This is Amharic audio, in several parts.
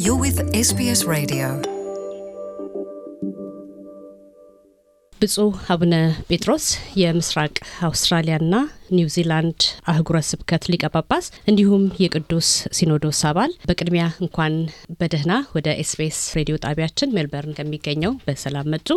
You're with SBS Radio. ብፁዕ አቡነ ጴጥሮስ የምስራቅ አውስትራሊያና ኒውዚላንድ አህጉረ ስብከት ሊቀ ጳጳስ እንዲሁም የቅዱስ ሲኖዶስ አባል፣ በቅድሚያ እንኳን በደህና ወደ ኤስቢኤስ ሬዲዮ ጣቢያችን ሜልበርን ከሚገኘው በሰላም መጡ።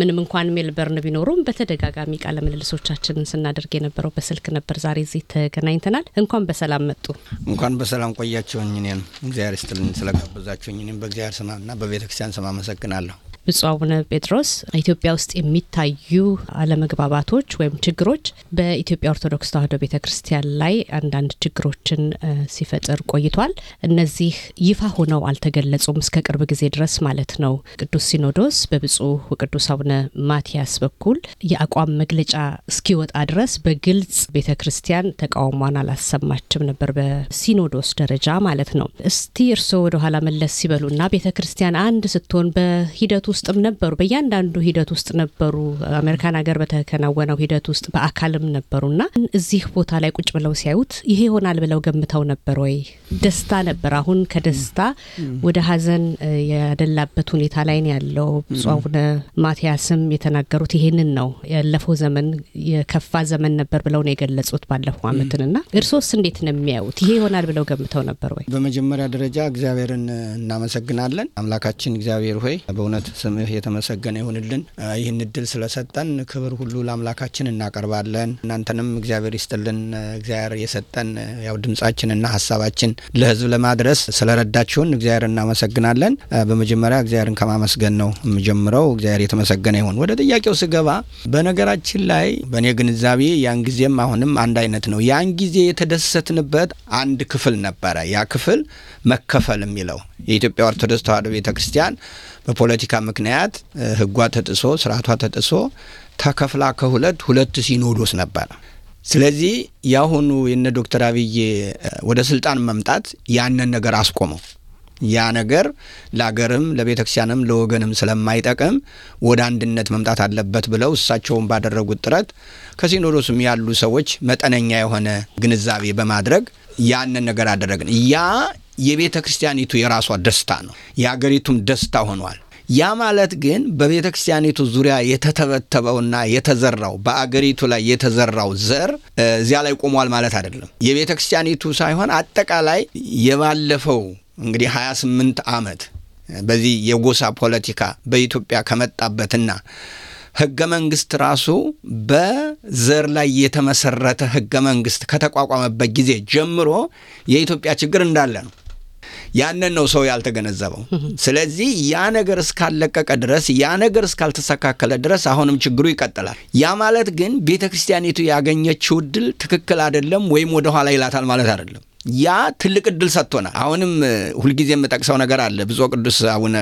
ምንም እንኳን ሜልበርን ቢኖሩም በተደጋጋሚ ቃለ ምልልሶቻችንን ስናደርግ የነበረው በስልክ ነበር። ዛሬ እዚህ ተገናኝተናል። እንኳን በሰላም መጡ። እንኳን በሰላም ቆያቸውኝ። እኔም እግዚአብሔር ይስጥልኝ ስለጋበዛቸውኝ። እኔም በእግዚአብሔር ስማና በቤተክርስቲያን ስማ አመሰግናለሁ። ብፁዕ አቡነ ጴጥሮስ ኢትዮጵያ ውስጥ የሚታዩ አለመግባባቶች ወይም ችግሮች በኢትዮጵያ ኦርቶዶክስ ተዋሕዶ ቤተ ክርስቲያን ላይ አንዳንድ ችግሮችን ሲፈጥር ቆይቷል። እነዚህ ይፋ ሆነው አልተገለጹም እስከ ቅርብ ጊዜ ድረስ ማለት ነው። ቅዱስ ሲኖዶስ በብፁዕ ወቅዱስ አቡነ ማትያስ በኩል የአቋም መግለጫ እስኪወጣ ድረስ በግልጽ ቤተ ክርስቲያን ተቃውሟን አላሰማችም ነበር፣ በሲኖዶስ ደረጃ ማለት ነው። እስቲ እርስዎ ወደኋላ መለስ ሲበሉና ቤተ ክርስቲያን አንድ ስትሆን በሂደቱ ውስጥም ነበሩ። በእያንዳንዱ ሂደት ውስጥ ነበሩ። አሜሪካን ሀገር በተከናወነው ሂደት ውስጥ በአካልም ነበሩና እዚህ ቦታ ላይ ቁጭ ብለው ሲያዩት ይሄ ይሆናል ብለው ገምተው ነበር ወይ? ደስታ ነበር። አሁን ከደስታ ወደ ሀዘን ያደላበት ሁኔታ ላይ ያለው። ብፁዕ አቡነ የተናገሩት ይሄንን ነው። ያለፈው ዘመን የከፋ ዘመን ነበር ብለው ነው የገለጹት ባለፈው ና እርሶስ እንዴት ነው የሚያዩት? ይሄ ይሆናል ብለው ገምተው ነበር ወይ? በመጀመሪያ ደረጃ እግዚአብሔርን እናመሰግናለን። አምላካችን እግዚአብሔር ሆይ በእውነት ስምህ የተመሰገነ ይሁንልን። ይህን እድል ስለሰጠን ክብር ሁሉ ለአምላካችን እናቀርባለን። እናንተንም እግዚአብሔር ይስጥልን። እግዚአብሔር የሰጠን ያው ድምጻችንና ሀሳባችን ለህዝብ ለማድረስ ስለረዳችሁን እግዚአብሔር እናመሰግናለን። በመጀመሪያ እግዚአብሔርን ከማመስገን ነው የምጀምረው። እግዚአብሔር የተመሰገነ ይሁን። ወደ ጥያቄው ስገባ በነገራችን ላይ በእኔ ግንዛቤ ያን ጊዜም አሁንም አንድ አይነት ነው። ያን ጊዜ የተደሰትንበት አንድ ክፍል ነበረ። ያ ክፍል መከፈል የሚለው የኢትዮጵያ ኦርቶዶክስ ተዋሕዶ ቤተ ክርስቲያን በፖለቲካ ምክንያት ህጓ ተጥሶ ስርዓቷ ተጥሶ ተከፍላ ከሁለት ሁለት ሲኖዶስ ነበረ። ስለዚህ የአሁኑ የነ ዶክተር አብይ ወደ ስልጣን መምጣት ያንን ነገር አስቆመው። ያ ነገር ለአገርም ለቤተ ክርስቲያንም ለወገንም ስለማይጠቅም ወደ አንድነት መምጣት አለበት ብለው እሳቸውን ባደረጉት ጥረት ከሲኖዶስም ያሉ ሰዎች መጠነኛ የሆነ ግንዛቤ በማድረግ ያንን ነገር አደረግን። ያ የቤተ ክርስቲያኒቱ የራሷ ደስታ ነው፣ የአገሪቱም ደስታ ሆኗል። ያ ማለት ግን በቤተ ክርስቲያኒቱ ዙሪያ የተተበተበውና የተዘራው በአገሪቱ ላይ የተዘራው ዘር እዚያ ላይ ቆሟል ማለት አይደለም። የቤተ ክርስቲያኒቱ ሳይሆን አጠቃላይ የባለፈው እንግዲህ 28 ዓመት በዚህ የጎሳ ፖለቲካ በኢትዮጵያ ከመጣበትና ህገ መንግስት ራሱ በዘር ላይ የተመሰረተ ህገ መንግስት ከተቋቋመበት ጊዜ ጀምሮ የኢትዮጵያ ችግር እንዳለ ነው። ያንን ነው ሰው ያልተገነዘበው። ስለዚህ ያ ነገር እስካለቀቀ ድረስ ያ ነገር እስካልተስተካከለ ድረስ አሁንም ችግሩ ይቀጥላል። ያ ማለት ግን ቤተ ክርስቲያኒቱ ያገኘችው እድል ትክክል አይደለም ወይም ወደኋላ ይላታል ማለት አይደለም። ያ ትልቅ እድል ሰጥቶናል። አሁንም ሁልጊዜ የምጠቅሰው ነገር አለ። ብፁዕ ቅዱስ አቡነ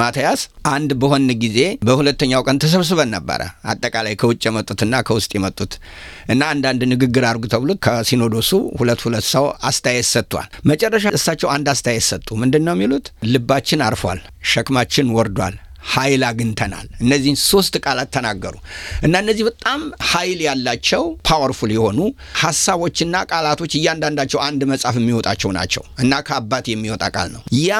ማትያስ አንድ በሆን ጊዜ በሁለተኛው ቀን ተሰብስበን ነበረ። አጠቃላይ ከውጭ የመጡትና ከውስጥ የመጡት እና አንዳንድ ንግግር አድርጉ ተብሎ ከሲኖዶሱ ሁለት ሁለት ሰው አስተያየት ሰጥቷል። መጨረሻ እሳቸው አንድ አስተያየት ሰጡ። ምንድን ነው የሚሉት? ልባችን አርፏል፣ ሸክማችን ወርዷል ኃይል አግኝተናል። እነዚህን ሶስት ቃላት ተናገሩ እና እነዚህ በጣም ኃይል ያላቸው ፓወርፉል የሆኑ ሀሳቦችና ቃላቶች እያንዳንዳቸው አንድ መጽሐፍ የሚወጣቸው ናቸው እና ከአባት የሚወጣ ቃል ነው። ያ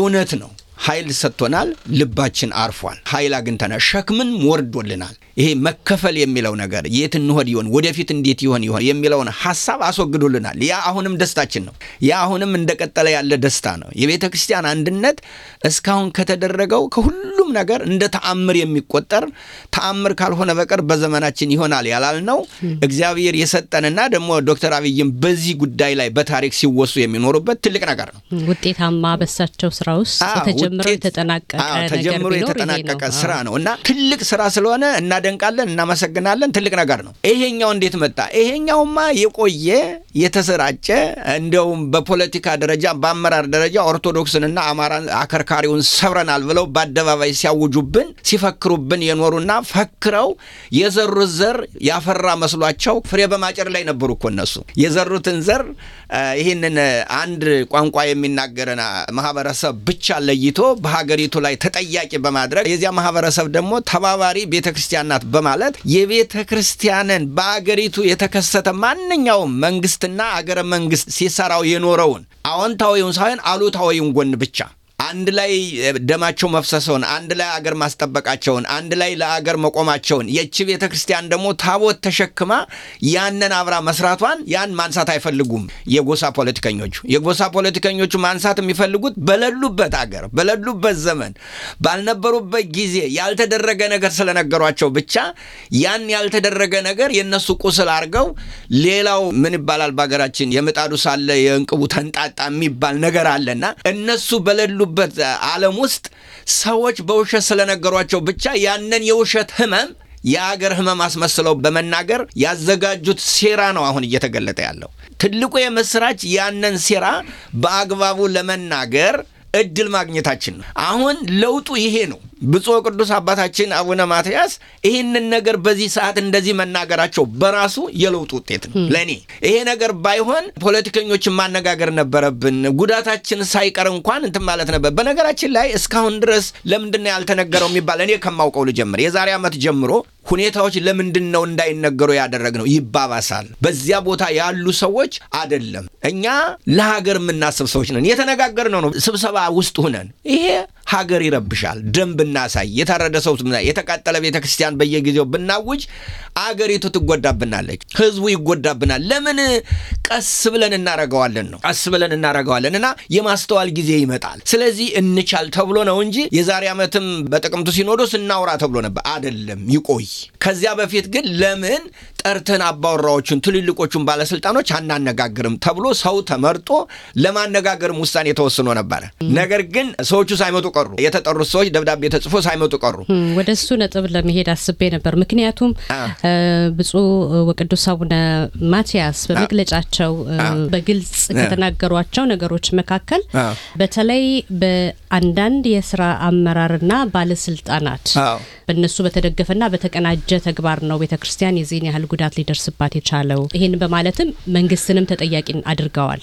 እውነት ነው። ኃይል ሰጥቶናል። ልባችን አርፏል። ኃይል አግኝተናል። ሸክምን ወርዶልናል። ይሄ መከፈል የሚለው ነገር የት እንሆድ ይሆን ወደፊት እንዴት ይሆን ይሆን የሚለውን ሀሳብ አስወግዶልናል። ያ አሁንም ደስታችን ነው። ያ አሁንም እንደቀጠለ ያለ ደስታ ነው። የቤተ ክርስቲያን አንድነት እስካሁን ከተደረገው ከሁሉም ነገር እንደ ተአምር የሚቆጠር ተአምር ካልሆነ በቀር በዘመናችን ይሆናል ያላልነው እግዚአብሔር የሰጠንና ደግሞ ዶክተር አብይም በዚህ ጉዳይ ላይ በታሪክ ሲወሱ የሚኖሩበት ትልቅ ነገር ነው። ውጤታማ በሳቸው ስራ ውስጥ ተጀምሮ የተጠናቀቀ ስራ ነው እና ትልቅ ስራ ስለሆነ እና እናደንቃለን፣ እናመሰግናለን። ትልቅ ነገር ነው። ይሄኛው እንዴት መጣ? ይሄኛውማ የቆየ የተሰራጨ እንደውም በፖለቲካ ደረጃ በአመራር ደረጃ ኦርቶዶክስንና አማራን አከርካሪውን ሰብረናል ብለው በአደባባይ ሲያውጁብን ሲፈክሩብን የኖሩና ፈክረው የዘሩት ዘር ያፈራ መስሏቸው ፍሬ በማጨር ላይ ነበሩ እኮ እነሱ የዘሩትን ዘር ይህንን አንድ ቋንቋ የሚናገርን ማህበረሰብ ብቻ ለይቶ በሀገሪቱ ላይ ተጠያቂ በማድረግ የዚያ ማህበረሰብ ደግሞ ተባባሪ ቤተክርስቲያንና ናት በማለት የቤተ ክርስቲያንን በአገሪቱ የተከሰተ ማንኛውም መንግስትና አገረ መንግስት ሲሰራው የኖረውን አዎንታዊውን ሳይሆን አሉታዊውን ጎን ብቻ አንድ ላይ ደማቸው መፍሰሰውን፣ አንድ ላይ አገር ማስጠበቃቸውን፣ አንድ ላይ ለአገር መቆማቸውን የች ቤተ ክርስቲያን ደግሞ ታቦት ተሸክማ ያንን አብራ መስራቷን ያን ማንሳት አይፈልጉም የጎሳ ፖለቲከኞቹ። የጎሳ ፖለቲከኞቹ ማንሳት የሚፈልጉት በሌሉበት አገር በሌሉበት ዘመን ባልነበሩበት ጊዜ ያልተደረገ ነገር ስለነገሯቸው ብቻ ያን ያልተደረገ ነገር የእነሱ ቁስል አድርገው ሌላው ምን ይባላል በሀገራችን የምጣዱ ሳለ የእንቅቡ ተንጣጣ የሚባል ነገር አለና እነሱ በሌሉ ባሉበት ዓለም ውስጥ ሰዎች በውሸት ስለነገሯቸው ብቻ ያንን የውሸት ህመም የአገር ህመም አስመስለው በመናገር ያዘጋጁት ሴራ ነው አሁን እየተገለጠ ያለው። ትልቁ የምስራች ያንን ሴራ በአግባቡ ለመናገር እድል ማግኘታችን ነው። አሁን ለውጡ ይሄ ነው። ብፁዕ ቅዱስ አባታችን አቡነ ማትያስ ይህንን ነገር በዚህ ሰዓት እንደዚህ መናገራቸው በራሱ የለውጥ ውጤት ነው ለእኔ። ይሄ ነገር ባይሆን ፖለቲከኞችን ማነጋገር ነበረብን፣ ጉዳታችን ሳይቀር እንኳን እንትን ማለት ነበር። በነገራችን ላይ እስካሁን ድረስ ለምንድን ያልተነገረው የሚባል እኔ ከማውቀው ልጀምር። የዛሬ ዓመት ጀምሮ ሁኔታዎች ለምንድን ነው እንዳይነገሩ ያደረግነው? ይባባሳል። በዚያ ቦታ ያሉ ሰዎች አይደለም እኛ ለሀገር የምናስብ ሰዎች ነን። የተነጋገርነው ነው ስብሰባ ውስጥ ሁነን ይሄ ሀገር ይረብሻል። ደም ብናሳይ፣ የታረደ ሰው የተቃጠለ ቤተ ክርስቲያን በየጊዜው ብናውጅ አገሪቱ ትጎዳብናለች፣ ህዝቡ ይጎዳብናል። ለምን ቀስ ብለን እናረገዋለን ነው ቀስ ብለን እናረገዋለን እና የማስተዋል ጊዜ ይመጣል። ስለዚህ እንቻል ተብሎ ነው እንጂ የዛሬ ዓመትም በጥቅምቱ ሲኖዶስ እናውራ ተብሎ ነበር አይደለም፣ ይቆይ። ከዚያ በፊት ግን ለምን ጠርተን አባወራዎቹን ትልልቆቹን ባለስልጣኖች አናነጋግርም ተብሎ ሰው ተመርጦ ለማነጋገርም ውሳኔ ተወስኖ ነበረ። ነገር ግን ሰዎቹ ሳይመጡ ቀሩ። የተጠሩት ሰዎች ደብዳቤ ተጽፎ ሳይመጡ ቀሩ። ወደ እሱ ነጥብ ለመሄድ አስቤ ነበር። ምክንያቱም ብፁዕ ወቅዱስ አቡነ ማትያስ በመግለጫቸው በግልጽ ከተናገሯቸው ነገሮች መካከል በተለይ በአንዳንድ የስራ አመራርና ባለስልጣናት በእነሱ በተደገፈና በተቀናጀ ተግባር ነው ቤተ ክርስቲያን የዚህን ያህል ጉዳት ሊደርስባት የቻለው። ይህን በማለትም መንግስትንም ተጠያቂ አድርገዋል።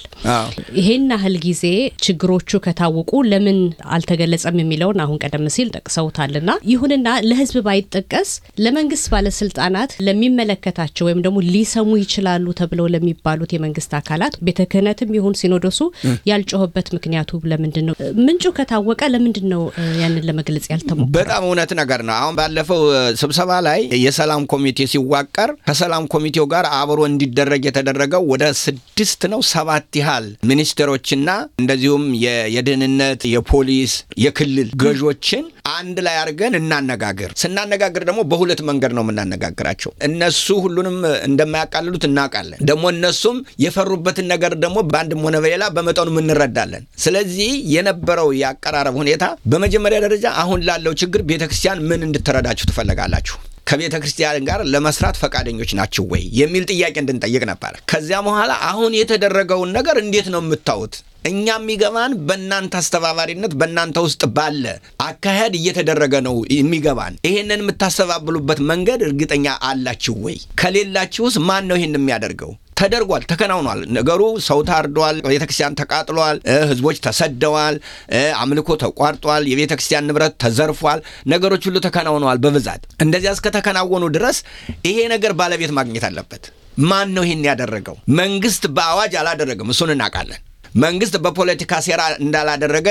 ይህን ያህል ጊዜ ችግሮቹ ከታወቁ ለምን አልተገለጸ አይፈጸም የሚለውን አሁን ቀደም ሲል ጠቅሰውታልና ይሁንና ለህዝብ ባይጠቀስ ለመንግስት ባለስልጣናት ለሚመለከታቸው ወይም ደግሞ ሊሰሙ ይችላሉ ተብለው ለሚባሉት የመንግስት አካላት ቤተ ክህነትም ይሁን ሲኖዶሱ ያልጮኸበት ምክንያቱ ለምንድን ነው? ምንጩ ከታወቀ ለምንድን ነው ያንን ለመግለጽ ያልተሞከረው? በጣም እውነት ነገር ነው። አሁን ባለፈው ስብሰባ ላይ የሰላም ኮሚቴ ሲዋቀር ከሰላም ኮሚቴው ጋር አብሮ እንዲደረግ የተደረገው ወደ ስድስት ነው ሰባት ያህል ሚኒስቴሮችና እንደዚሁም የደህንነት የፖሊስ የክልል ገዦችን አንድ ላይ አድርገን እናነጋግር። ስናነጋግር ደግሞ በሁለት መንገድ ነው የምናነጋግራቸው። እነሱ ሁሉንም እንደማያቃልሉት እናውቃለን። ደግሞ እነሱም የፈሩበትን ነገር ደግሞ በአንድም ሆነ በሌላ በመጠኑም እንረዳለን። ስለዚህ የነበረው የአቀራረብ ሁኔታ በመጀመሪያ ደረጃ አሁን ላለው ችግር ቤተ ክርስቲያን ምን እንድትረዳችሁ ትፈልጋላችሁ? ከቤተ ክርስቲያን ጋር ለመስራት ፈቃደኞች ናቸው ወይ የሚል ጥያቄ እንድንጠይቅ ነበር። ከዚያ በኋላ አሁን የተደረገውን ነገር እንዴት ነው የምታዩት? እኛ የሚገባን በእናንተ አስተባባሪነት በእናንተ ውስጥ ባለ አካሄድ እየተደረገ ነው የሚገባን። ይሄንን የምታስተባብሉበት መንገድ እርግጠኛ አላችሁ ወይ? ከሌላችሁስ ማን ነው ይሄን የሚያደርገው? ተደርጓል፣ ተከናውኗል። ነገሩ ሰው ታርዷል፣ ቤተክርስቲያን ተቃጥሏል፣ ህዝቦች ተሰደዋል፣ አምልኮ ተቋርጧል፣ የቤተክርስቲያን ንብረት ተዘርፏል። ነገሮች ሁሉ ተከናውነዋል በብዛት። እንደዚያ እስከተከናወኑ ድረስ ይሄ ነገር ባለቤት ማግኘት አለበት። ማን ነው ይህን ያደረገው? መንግስት በአዋጅ አላደረገም፣ እሱን እናውቃለን። መንግስት በፖለቲካ ሴራ እንዳላደረገ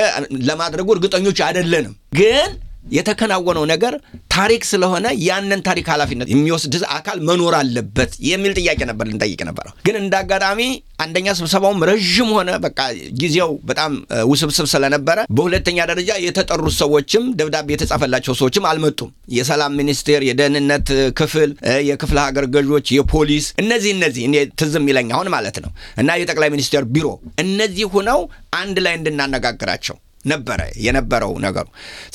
ለማድረጉ እርግጠኞች አይደለንም ግን የተከናወነው ነገር ታሪክ ስለሆነ ያንን ታሪክ ኃላፊነት የሚወስድ አካል መኖር አለበት የሚል ጥያቄ ነበር ልንጠይቅ ነበረው። ግን እንደ አጋጣሚ አንደኛ ስብሰባውም ረዥም ሆነ፣ በቃ ጊዜው በጣም ውስብስብ ስለነበረ፣ በሁለተኛ ደረጃ የተጠሩት ሰዎችም ደብዳቤ የተጻፈላቸው ሰዎችም አልመጡም። የሰላም ሚኒስቴር፣ የደህንነት ክፍል፣ የክፍለ ሀገር ገዦች፣ የፖሊስ እነዚህ እነዚህ ትዝም ይለኝ አሁን ማለት ነው እና የጠቅላይ ሚኒስቴር ቢሮ እነዚህ ሁነው አንድ ላይ እንድናነጋግራቸው ነበረ የነበረው ነገሩ።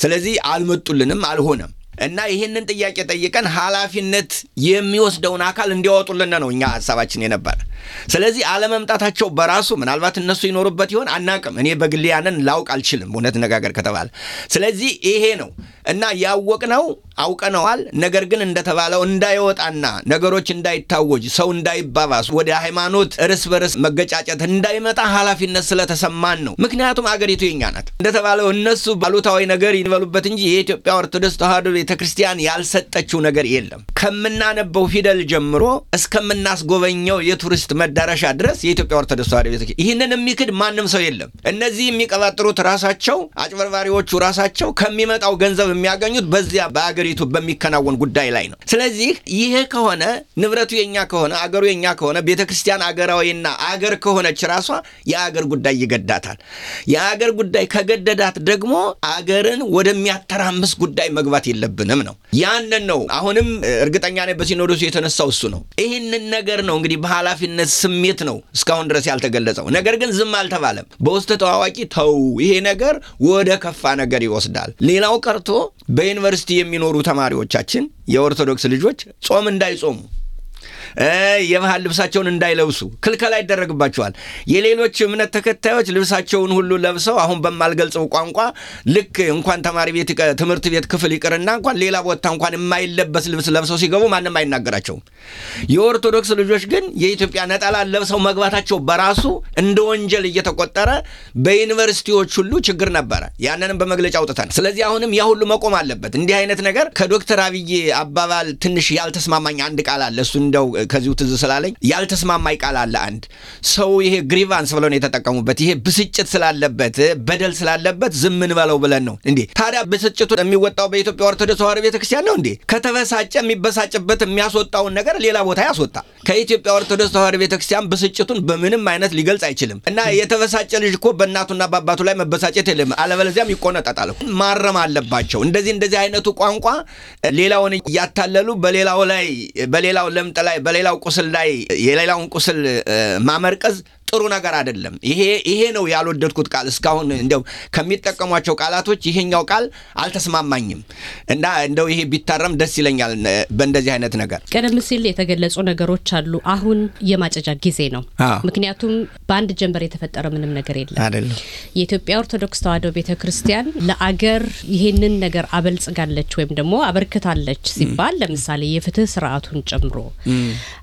ስለዚህ አልመጡልንም፣ አልሆነም። እና ይህንን ጥያቄ ጠይቀን ኃላፊነት የሚወስደውን አካል እንዲያወጡልን ነው እኛ ሀሳባችን የነበረ። ስለዚህ አለመምጣታቸው በራሱ ምናልባት እነሱ ይኖሩበት ይሆን አናቅም። እኔ በግሌ ያንን ላውቅ አልችልም፣ እውነት ነጋገር ከተባለ። ስለዚህ ይሄ ነው እና ያወቅነው አውቀነዋል። ነገር ግን እንደተባለው እንዳይወጣና ነገሮች እንዳይታወጅ፣ ሰው እንዳይባባስ፣ ወደ ሃይማኖት እርስ በርስ መገጫጨት እንዳይመጣ ኃላፊነት ስለተሰማን ነው። ምክንያቱም አገሪቱ የኛ ናት። እንደተባለው እነሱ ባሉታዊ ነገር ይበሉበት እንጂ የኢትዮጵያ ኦርቶዶክስ ተዋሕዶ ቤተ ክርስቲያን ያልሰጠችው ነገር የለም። ከምናነበው ፊደል ጀምሮ እስከምናስጎበኘው የቱሪስት መዳረሻ ድረስ የኢትዮጵያ ኦርቶዶክስ ተዋሕዶ ቤተ ክርስቲያን ይህንን የሚክድ ማንም ሰው የለም። እነዚህ የሚቀባጥሩት ራሳቸው አጭበርባሪዎቹ ራሳቸው ከሚመጣው ገንዘብ የሚያገኙት በዚያ በአገሪቱ በሚከናወን ጉዳይ ላይ ነው። ስለዚህ ይሄ ከሆነ ንብረቱ የኛ ከሆነ አገሩ የኛ ከሆነ ቤተ ክርስቲያን አገራዊና አገር ከሆነች ራሷ የአገር ጉዳይ ይገዳታል። የአገር ጉዳይ ከገደዳት ደግሞ አገርን ወደሚያተራምስ ጉዳይ መግባት የለብ የለብንም ነው። ያንን ነው አሁንም እርግጠኛ ነኝ በሲኖዶሱ የተነሳው እሱ ነው። ይህንን ነገር ነው እንግዲህ በኃላፊነት ስሜት ነው እስካሁን ድረስ ያልተገለጸው። ነገር ግን ዝም አልተባለም። በውስጥ ተዋዋቂ ተው፣ ይሄ ነገር ወደ ከፋ ነገር ይወስዳል። ሌላው ቀርቶ በዩኒቨርሲቲ የሚኖሩ ተማሪዎቻችን የኦርቶዶክስ ልጆች ጾም እንዳይጾሙ የባህል ልብሳቸውን እንዳይለብሱ ክልከላ ይደረግባቸዋል። የሌሎች እምነት ተከታዮች ልብሳቸውን ሁሉ ለብሰው አሁን በማልገልጸው ቋንቋ ልክ እንኳን ተማሪ ቤት ትምህርት ቤት ክፍል ይቅርና እንኳን ሌላ ቦታ እንኳን የማይለበስ ልብስ ለብሰው ሲገቡ ማንም አይናገራቸውም። የኦርቶዶክስ ልጆች ግን የኢትዮጵያ ነጠላ ለብሰው መግባታቸው በራሱ እንደ ወንጀል እየተቆጠረ በዩኒቨርሲቲዎች ሁሉ ችግር ነበረ። ያንንም በመግለጫ አውጥተን፣ ስለዚህ አሁንም ያ ሁሉ መቆም አለበት። እንዲህ አይነት ነገር ከዶክተር አብይ አባባል ትንሽ ያልተስማማኝ አንድ ቃል አለ። እሱ እንደው ከዚሁ ትዝ ስላለኝ ያልተስማማኝ ቃል አለ። አንድ ሰው ይሄ ግሪቫንስ ብለው ነው የተጠቀሙበት። ይሄ ብስጭት ስላለበት በደል ስላለበት ዝም እንበለው ብለን ነው እንዴ? ታዲያ ብስጭቱ የሚወጣው በኢትዮጵያ ኦርቶዶክስ ተዋህዶ ቤተክርስቲያን ነው እንዴ? ከተበሳጨ የሚበሳጭበት የሚያስወጣውን ነገር ሌላ ቦታ ያስወጣ። ከኢትዮጵያ ኦርቶዶክስ ተዋህዶ ቤተክርስቲያን ብስጭቱን በምንም አይነት ሊገልጽ አይችልም። እና የተበሳጨ ልጅ እኮ በእናቱና በአባቱ ላይ መበሳጨት የለም፣ አለበለዚያም ይቆነጠጣል። ማረም አለባቸው። እንደዚህ እንደዚህ አይነቱ ቋንቋ ሌላውን እያታለሉ በሌላው ላይ በሌላው ለምጥ ላይ በሌላው ቁስል ላይ የሌላውን ቁስል ማመርቀዝ ጥሩ ነገር አይደለም። ይሄ ይሄ ነው ያልወደድኩት ቃል እስካሁን እንደው ከሚጠቀሟቸው ቃላቶች ይሄኛው ቃል አልተስማማኝም እና እንደው ይሄ ቢታረም ደስ ይለኛል። በእንደዚህ አይነት ነገር ቀደም ሲል የተገለጹ ነገሮች አሉ። አሁን የማጨጃ ጊዜ ነው። ምክንያቱም በአንድ ጀንበር የተፈጠረ ምንም ነገር የለም አይደለም። የኢትዮጵያ ኦርቶዶክስ ተዋሕዶ ቤተ ክርስቲያን ለአገር ይሄንን ነገር አበልጽጋለች ወይም ደግሞ አበርክታለች ሲባል ለምሳሌ የፍትህ ስርዓቱን ጨምሮ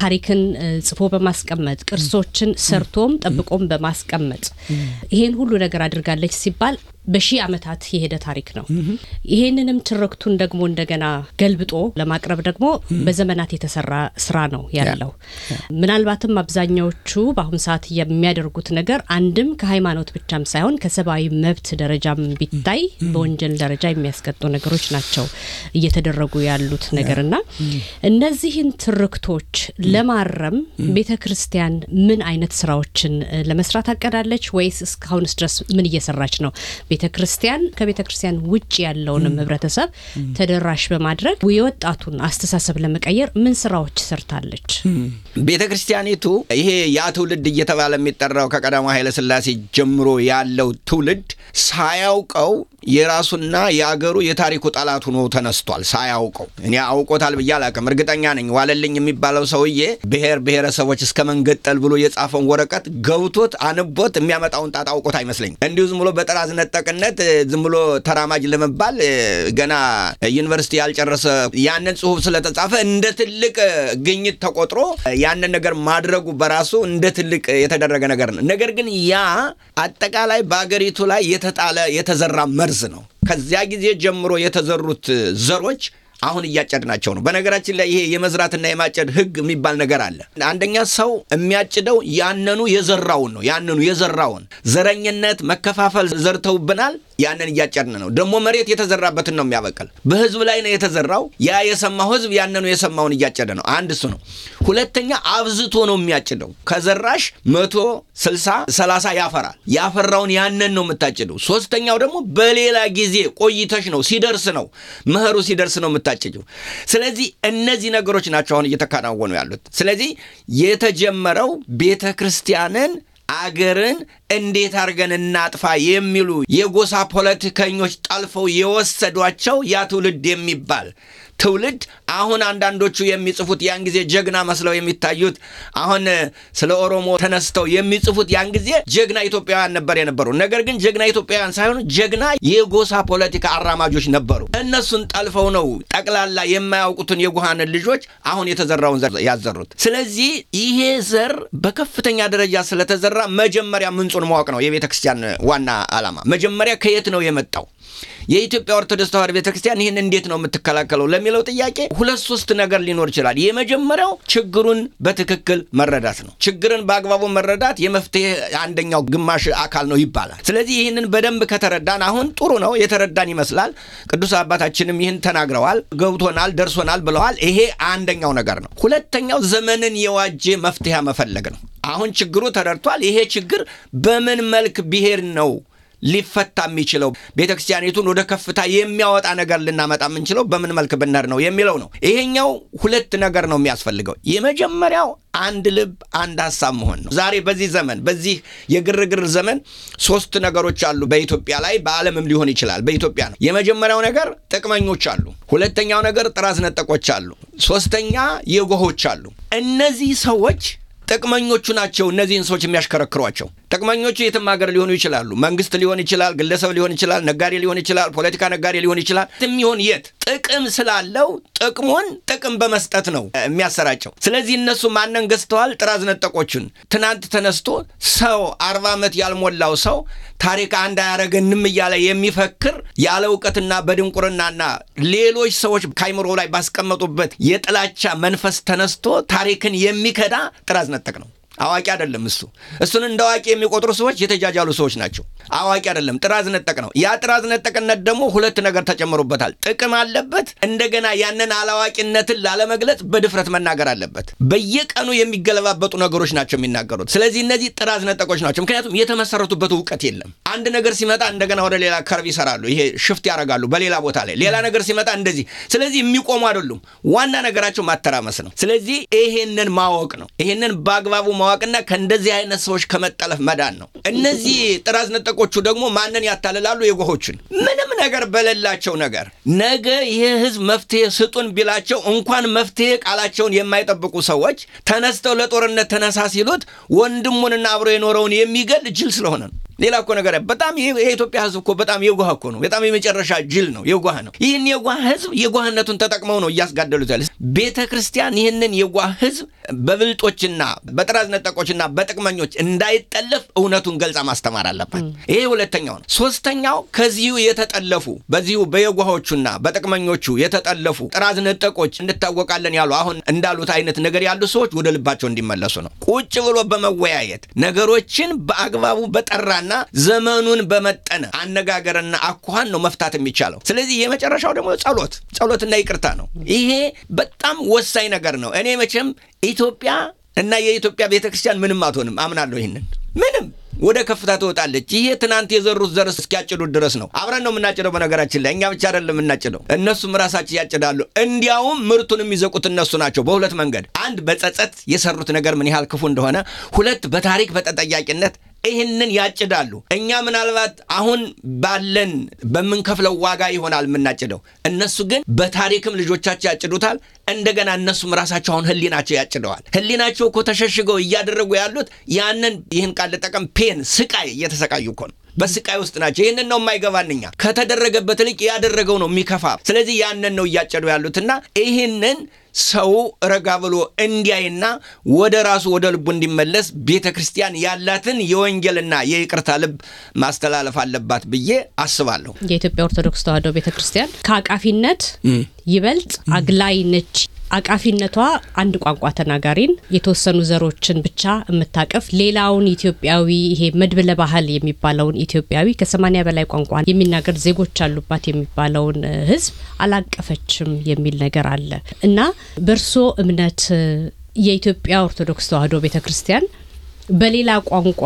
ታሪክን ጽፎ በማስቀመጥ ቅርሶችን ሰርቶም ጠብቆም በማስቀመጥ ይሄን ሁሉ ነገር አድርጋለች ሲባል በሺህ ዓመታት የሄደ ታሪክ ነው። ይሄንንም ትርክቱን ደግሞ እንደገና ገልብጦ ለማቅረብ ደግሞ በዘመናት የተሰራ ስራ ነው ያለው። ምናልባትም አብዛኛዎቹ በአሁኑ ሰዓት የሚያደርጉት ነገር አንድም ከሃይማኖት ብቻም ሳይሆን ከሰብአዊ መብት ደረጃም ቢታይ በወንጀል ደረጃ የሚያስቀጡ ነገሮች ናቸው እየተደረጉ ያሉት ነገርና እነዚህን ትርክቶች ለማረም ቤተ ክርስቲያን ምን አይነት ስራዎችን ለመስራት አቀዳለች? ወይስ እስካሁንስ ድረስ ምን እየሰራች ነው? ቤተ ክርስቲያን ከቤተ ክርስቲያን ውጭ ያለውንም ህብረተሰብ ተደራሽ በማድረግ የወጣቱን አስተሳሰብ ለመቀየር ምን ስራዎች ሰርታለች ቤተ ክርስቲያኒቱ? ይሄ ያ ትውልድ እየተባለ የሚጠራው ኃይለ ስላሴ ጀምሮ ያለው ትውልድ ሳያውቀው የራሱና የአገሩ የታሪኩ ጠላት ሆኖ ተነስቷል። ሳያውቀው እኔ አውቆታል ብዬ አላቅም። እርግጠኛ ነኝ ዋለልኝ የሚባለው ሰውዬ ብሔር ብሔረሰቦች እስከ መንገጠል ብሎ የጻፈውን ወረቀት ገብቶት አንቦት የሚያመጣውን ጣጣ አውቆት አይመስለኝም። እንዲሁ ዝም ብሎ በጠራዝ ታላቅነት ዝም ብሎ ተራማጅ ለመባል ገና ዩኒቨርሲቲ ያልጨረሰ ያንን ጽሁፍ ስለተጻፈ እንደ ትልቅ ግኝት ተቆጥሮ ያንን ነገር ማድረጉ በራሱ እንደ ትልቅ የተደረገ ነገር ነው። ነገር ግን ያ አጠቃላይ በአገሪቱ ላይ የተጣለ የተዘራ መርዝ ነው። ከዚያ ጊዜ ጀምሮ የተዘሩት ዘሮች አሁን እያጨድናቸው ነው። በነገራችን ላይ ይሄ የመዝራትና የማጨድ ህግ የሚባል ነገር አለ። አንደኛ ሰው የሚያጭደው ያንኑ የዘራውን ነው። ያነኑ የዘራውን ዘረኝነት፣ መከፋፈል ዘርተውብናል። ያንን እያጨድን ነው። ደግሞ መሬት የተዘራበትን ነው የሚያበቅል። በህዝብ ላይ ነው የተዘራው። ያ የሰማው ህዝብ ያንኑ የሰማውን እያጨደ ነው። አንድ እሱ ነው። ሁለተኛ አብዝቶ ነው የሚያጭደው። ከዘራሽ መቶ ስልሳ ሰላሳ ያፈራል። ያፈራውን ያንን ነው የምታጭደው። ሶስተኛው ደግሞ በሌላ ጊዜ ቆይተሽ ነው ሲደርስ ነው መኸሩ ሲደርስ ነው የምታጭደው። ስለዚህ እነዚህ ነገሮች ናቸው አሁን እየተከናወኑ ያሉት። ስለዚህ የተጀመረው ቤተ ክርስቲያንን አገርን እንዴት አድርገን እናጥፋ የሚሉ የጎሳ ፖለቲከኞች ጠልፈው የወሰዷቸው ያ ትውልድ የሚባል ትውልድ አሁን አንዳንዶቹ የሚጽፉት ያን ጊዜ ጀግና መስለው የሚታዩት አሁን ስለ ኦሮሞ ተነስተው የሚጽፉት ያን ጊዜ ጀግና ኢትዮጵያውያን ነበር የነበሩ። ነገር ግን ጀግና ኢትዮጵያውያን ሳይሆኑ ጀግና የጎሳ ፖለቲካ አራማጆች ነበሩ። እነሱን ጠልፈው ነው ጠቅላላ የማያውቁትን የጉሃንን ልጆች አሁን የተዘራውን ዘር ያዘሩት። ስለዚህ ይሄ ዘር በከፍተኛ ደረጃ ስለተዘራ መጀመሪያ ምንጹን ማወቅ ነው የቤተ ክርስቲያን ዋና ዓላማ። መጀመሪያ ከየት ነው የመጣው? የኢትዮጵያ ኦርቶዶክስ ተዋሕዶ ቤተክርስቲያን ይህን እንዴት ነው የምትከላከለው ለሚለው ጥያቄ ሁለት ሶስት ነገር ሊኖር ይችላል። የመጀመሪያው ችግሩን በትክክል መረዳት ነው። ችግርን በአግባቡ መረዳት የመፍትሄ አንደኛው ግማሽ አካል ነው ይባላል። ስለዚህ ይህንን በደንብ ከተረዳን አሁን ጥሩ ነው፣ የተረዳን ይመስላል። ቅዱስ አባታችንም ይህን ተናግረዋል፣ ገብቶናል፣ ደርሶናል ብለዋል። ይሄ አንደኛው ነገር ነው። ሁለተኛው ዘመንን የዋጀ መፍትሄ መፈለግ ነው። አሁን ችግሩ ተረድቷል። ይሄ ችግር በምን መልክ ብሄር ነው ሊፈታ የሚችለው ቤተ ክርስቲያኒቱን ወደ ከፍታ የሚያወጣ ነገር ልናመጣ የምንችለው በምን መልክ ብንሄድ ነው የሚለው ነው። ይሄኛው ሁለት ነገር ነው የሚያስፈልገው። የመጀመሪያው አንድ ልብ አንድ ሀሳብ መሆን ነው። ዛሬ በዚህ ዘመን በዚህ የግርግር ዘመን ሶስት ነገሮች አሉ በኢትዮጵያ ላይ በዓለምም ሊሆን ይችላል። በኢትዮጵያ ነው የመጀመሪያው ነገር ጥቅመኞች አሉ። ሁለተኛው ነገር ጥራዝ ነጠቆች አሉ። ሶስተኛ የጎሆች አሉ። እነዚህ ሰዎች ጥቅመኞቹ ናቸው እነዚህን ሰዎች የሚያሽከረክሯቸው ጥቅመኞቹ የትም ሀገር ሊሆኑ ይችላሉ። መንግስት ሊሆን ይችላል፣ ግለሰብ ሊሆን ይችላል፣ ነጋዴ ሊሆን ይችላል፣ ፖለቲካ ነጋዴ ሊሆን ይችላል። ትም ይሆን የት ጥቅም ስላለው ጥቅሙን ጥቅም በመስጠት ነው የሚያሰራጨው። ስለዚህ እነሱ ማንን ገዝተዋል? ጥራዝ ነጠቆቹን። ትናንት ተነስቶ ሰው አርባ ዓመት ያልሞላው ሰው ታሪክ አንድ አያረገንም እያለ የሚፈክር ያለ እውቀትና በድንቁርናና ሌሎች ሰዎች ካይምሮ ላይ ባስቀመጡበት የጥላቻ መንፈስ ተነስቶ ታሪክን የሚከዳ ጥራዝ ነጠቅ ነው። አዋቂ አይደለም። እሱ እሱን እንደ አዋቂ የሚቆጥሩ ሰዎች የተጃጃሉ ሰዎች ናቸው። አዋቂ አይደለም። ጥራዝ ነጠቅ ነው። ያ ጥራዝ ነጠቅነት ደግሞ ሁለት ነገር ተጨምሮበታል። ጥቅም አለበት፣ እንደገና ያንን አላዋቂነትን ላለመግለጽ በድፍረት መናገር አለበት። በየቀኑ የሚገለባበጡ ነገሮች ናቸው የሚናገሩት። ስለዚህ እነዚህ ጥራዝ ነጠቆች ናቸው። ምክንያቱም የተመሰረቱበት እውቀት የለም። አንድ ነገር ሲመጣ እንደገና ወደ ሌላ ከርብ ይሰራሉ። ይሄ ሽፍት ያደርጋሉ። በሌላ ቦታ ላይ ሌላ ነገር ሲመጣ እንደዚህ። ስለዚህ የሚቆሙ አይደሉም። ዋና ነገራቸው ማተራመስ ነው። ስለዚህ ይሄንን ማወቅ ነው። ይሄንን በአግባቡ ከማወቅና ከእንደዚህ አይነት ሰዎች ከመጠለፍ መዳን ነው። እነዚህ ጥራዝ ነጠቆቹ ደግሞ ማንን ያታልላሉ? የጎሆችን ምንም ነገር በሌላቸው ነገር ነገ ይህ ህዝብ መፍትሄ ስጡን ቢላቸው እንኳን መፍትሄ ቃላቸውን የማይጠብቁ ሰዎች ተነስተው ለጦርነት ተነሳ ሲሉት ወንድሙንና አብሮ የኖረውን የሚገል ጅል ስለሆነ ነው። ሌላ እኮ ነገር በጣም የኢትዮጵያ ህዝብ እኮ በጣም የጓህ እኮ ነው። በጣም የመጨረሻ ጅል ነው፣ የጓህ ነው። ይህን የጓህ ህዝብ የጓህነቱን ተጠቅመው ነው እያስጋደሉት ያለ። ቤተ ክርስቲያን ይህንን የጓህ ህዝብ በብልጦችና በጥራዝ ነጠቆችና በጥቅመኞች እንዳይጠለፍ እውነቱን ገልጻ ማስተማር አለባት። ይሄ ሁለተኛው ነው። ሶስተኛው ከዚሁ የተጠለፉ በዚሁ በየጓሆቹና በጥቅመኞቹ የተጠለፉ ጥራዝ ነጠቆች እንታወቃለን ያሉ አሁን እንዳሉት አይነት ነገር ያሉ ሰዎች ወደ ልባቸው እንዲመለሱ ነው። ቁጭ ብሎ በመወያየት ነገሮችን በአግባቡ በጠራ በተጠናና ዘመኑን በመጠነ አነጋገርና አኳኋን ነው መፍታት የሚቻለው። ስለዚህ የመጨረሻው ደግሞ ጸሎት ጸሎትና ይቅርታ ነው። ይሄ በጣም ወሳኝ ነገር ነው። እኔ መቼም ኢትዮጵያ እና የኢትዮጵያ ቤተ ክርስቲያን ምንም አትሆንም አምናለሁ። ይህንን ምንም ወደ ከፍታ ትወጣለች። ይሄ ትናንት የዘሩት ዘር እስኪያጭዱት ድረስ ነው። አብረን ነው የምናጭደው። በነገራችን ላይ እኛ ብቻ አይደለም የምናጭደው፣ እነሱም ራሳቸው ያጭዳሉ። እንዲያውም ምርቱን የሚዘቁት እነሱ ናቸው። በሁለት መንገድ፣ አንድ በጸጸት የሰሩት ነገር ምን ያህል ክፉ እንደሆነ፣ ሁለት በታሪክ በተጠያቂነት ይህንን ያጭዳሉ። እኛ ምናልባት አሁን ባለን በምንከፍለው ዋጋ ይሆናል የምናጭደው። እነሱ ግን በታሪክም ልጆቻቸው ያጭዱታል። እንደገና እነሱም ራሳቸው አሁን ህሊናቸው ያጭደዋል። ህሊናቸው እኮ ተሸሽገው እያደረጉ ያሉት ያንን ይህን ቃል ልጠቀም ፔን ስቃይ እየተሰቃዩ እኮ ነው በስቃይ ውስጥ ናቸው። ይህንን ነው የማይገባንኛ እኛ ከተደረገበት ልቅ ያደረገው ነው የሚከፋ። ስለዚህ ያንን ነው እያጨዱ ያሉትና ይህንን ሰው ረጋ ብሎ እንዲያይና ወደ ራሱ ወደ ልቡ እንዲመለስ ቤተ ክርስቲያን ያላትን የወንጌልና የይቅርታ ልብ ማስተላለፍ አለባት ብዬ አስባለሁ። የኢትዮጵያ ኦርቶዶክስ ተዋሕዶ ቤተ ክርስቲያን ከአቃፊነት ይበልጥ አግላይ ነች አቃፊነቷ አንድ ቋንቋ ተናጋሪን የተወሰኑ ዘሮችን ብቻ የምታቀፍ ሌላውን ኢትዮጵያዊ ይሄ መድብለ ባህል የሚባለውን ኢትዮጵያዊ ከሰማኒያ በላይ ቋንቋ የሚናገር ዜጎች አሉባት የሚባለውን ህዝብ አላቀፈችም የሚል ነገር አለ እና በእርሶ እምነት የኢትዮጵያ ኦርቶዶክስ ተዋህዶ ቤተ ክርስቲያን በሌላ ቋንቋ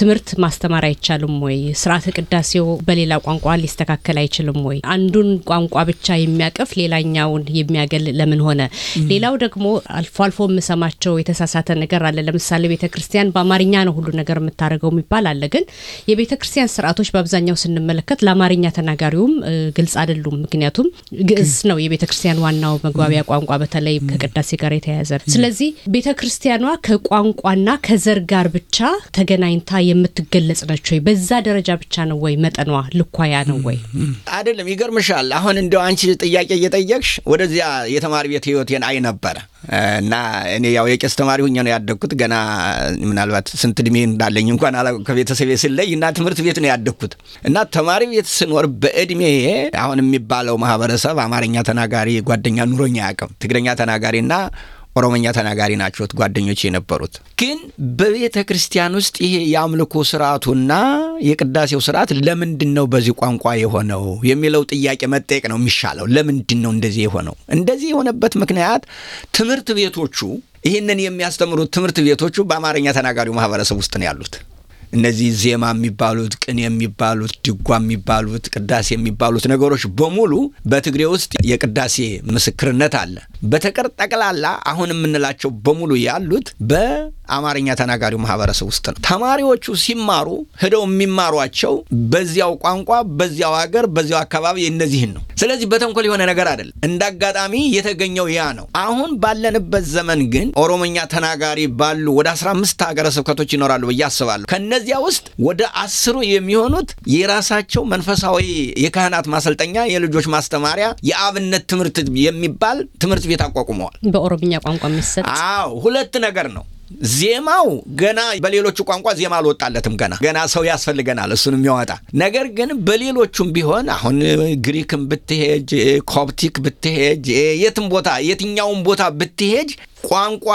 ትምህርት ማስተማር አይቻልም ወይ? ስርዓተ ቅዳሴው በሌላ ቋንቋ ሊስተካከል አይችልም ወይ? አንዱን ቋንቋ ብቻ የሚያቅፍ ሌላኛውን የሚያገል ለምን ሆነ? ሌላው ደግሞ አልፎ አልፎ የምሰማቸው የተሳሳተ ነገር አለ። ለምሳሌ ቤተ ክርስቲያን በአማርኛ ነው ሁሉ ነገር የምታደርገው የሚባል አለ። ግን የቤተ ክርስቲያን ስርዓቶች በአብዛኛው ስንመለከት ለአማርኛ ተናጋሪውም ግልጽ አይደሉም። ምክንያቱም ግዕዝ ነው የቤተ ክርስቲያን ዋናው መግባቢያ ቋንቋ በተለይ ከቅዳሴ ጋር የተያያዘ ስለዚህ ቤተ ክርስቲያኗ ከቋንቋና ከዘር ጋር ብቻ ተገናኝታ የምትገለጽ ነች ወይ? በዛ ደረጃ ብቻ ነው ወይ መጠኗ ልኳያ ነው ወይ? አይደለም። ይገርምሻል። አሁን እንደው አንቺ ጥያቄ እየጠየቅሽ ወደዚያ የተማሪ ቤት ህይወቴን አይ ነበረ እና እኔ ያው የቄስ ተማሪ ሁኜ ነው ያደግኩት። ገና ምናልባት ስንት እድሜ እንዳለኝ እንኳን ከቤተሰቤ ስለይ እና ትምህርት ቤት ነው ያደግኩት እና ተማሪ ቤት ስኖር በእድሜ አሁን የሚባለው ማህበረሰብ አማርኛ ተናጋሪ ጓደኛ ኑሮኛ አያውቅም። ትግረኛ ተናጋሪና ኦሮመኛ ተናጋሪ ናቸው ጓደኞች የነበሩት። ግን በቤተ ክርስቲያን ውስጥ ይሄ የአምልኮ ስርዓቱና የቅዳሴው ስርዓት ለምንድን ነው በዚህ ቋንቋ የሆነው የሚለው ጥያቄ መጠየቅ ነው የሚሻለው። ለምንድን ነው እንደዚህ የሆነው? እንደዚህ የሆነበት ምክንያት ትምህርት ቤቶቹ ይህንን የሚያስተምሩት ትምህርት ቤቶቹ በአማርኛ ተናጋሪው ማህበረሰብ ውስጥ ነው ያሉት። እነዚህ ዜማ የሚባሉት ቅኔ የሚባሉት ድጓ የሚባሉት ቅዳሴ የሚባሉት ነገሮች በሙሉ በትግሬ ውስጥ የቅዳሴ ምስክርነት አለ። በተቀር ጠቅላላ አሁን የምንላቸው በሙሉ ያሉት በአማርኛ ተናጋሪው ማህበረሰብ ውስጥ ነው። ተማሪዎቹ ሲማሩ ሄደው የሚማሯቸው በዚያው ቋንቋ፣ በዚያው ሀገር፣ በዚያው አካባቢ እነዚህን ነው። ስለዚህ በተንኮል የሆነ ነገር አይደለም። እንደ አጋጣሚ የተገኘው ያ ነው። አሁን ባለንበት ዘመን ግን ኦሮሞኛ ተናጋሪ ባሉ ወደ 15 ሀገረ ስብከቶች ይኖራሉ ብዬ አስባለሁ። ከእነዚያ ውስጥ ወደ አስሩ የሚሆኑት የራሳቸው መንፈሳዊ የካህናት ማሰልጠኛ፣ የልጆች ማስተማሪያ፣ የአብነት ትምህርት የሚባል ትምህርት ቤት አቋቁመዋል። በኦሮምኛ ቋንቋ የሚሰጥ አዎ፣ ሁለት ነገር ነው። ዜማው ገና በሌሎቹ ቋንቋ ዜማ አልወጣለትም። ገና ገና ሰው ያስፈልገናል እሱን የሚያወጣ ነገር ግን በሌሎቹም ቢሆን አሁን ግሪክም ብትሄጅ፣ ኮፕቲክ ብትሄጅ፣ የትም ቦታ የትኛውም ቦታ ብትሄጅ ቋንቋ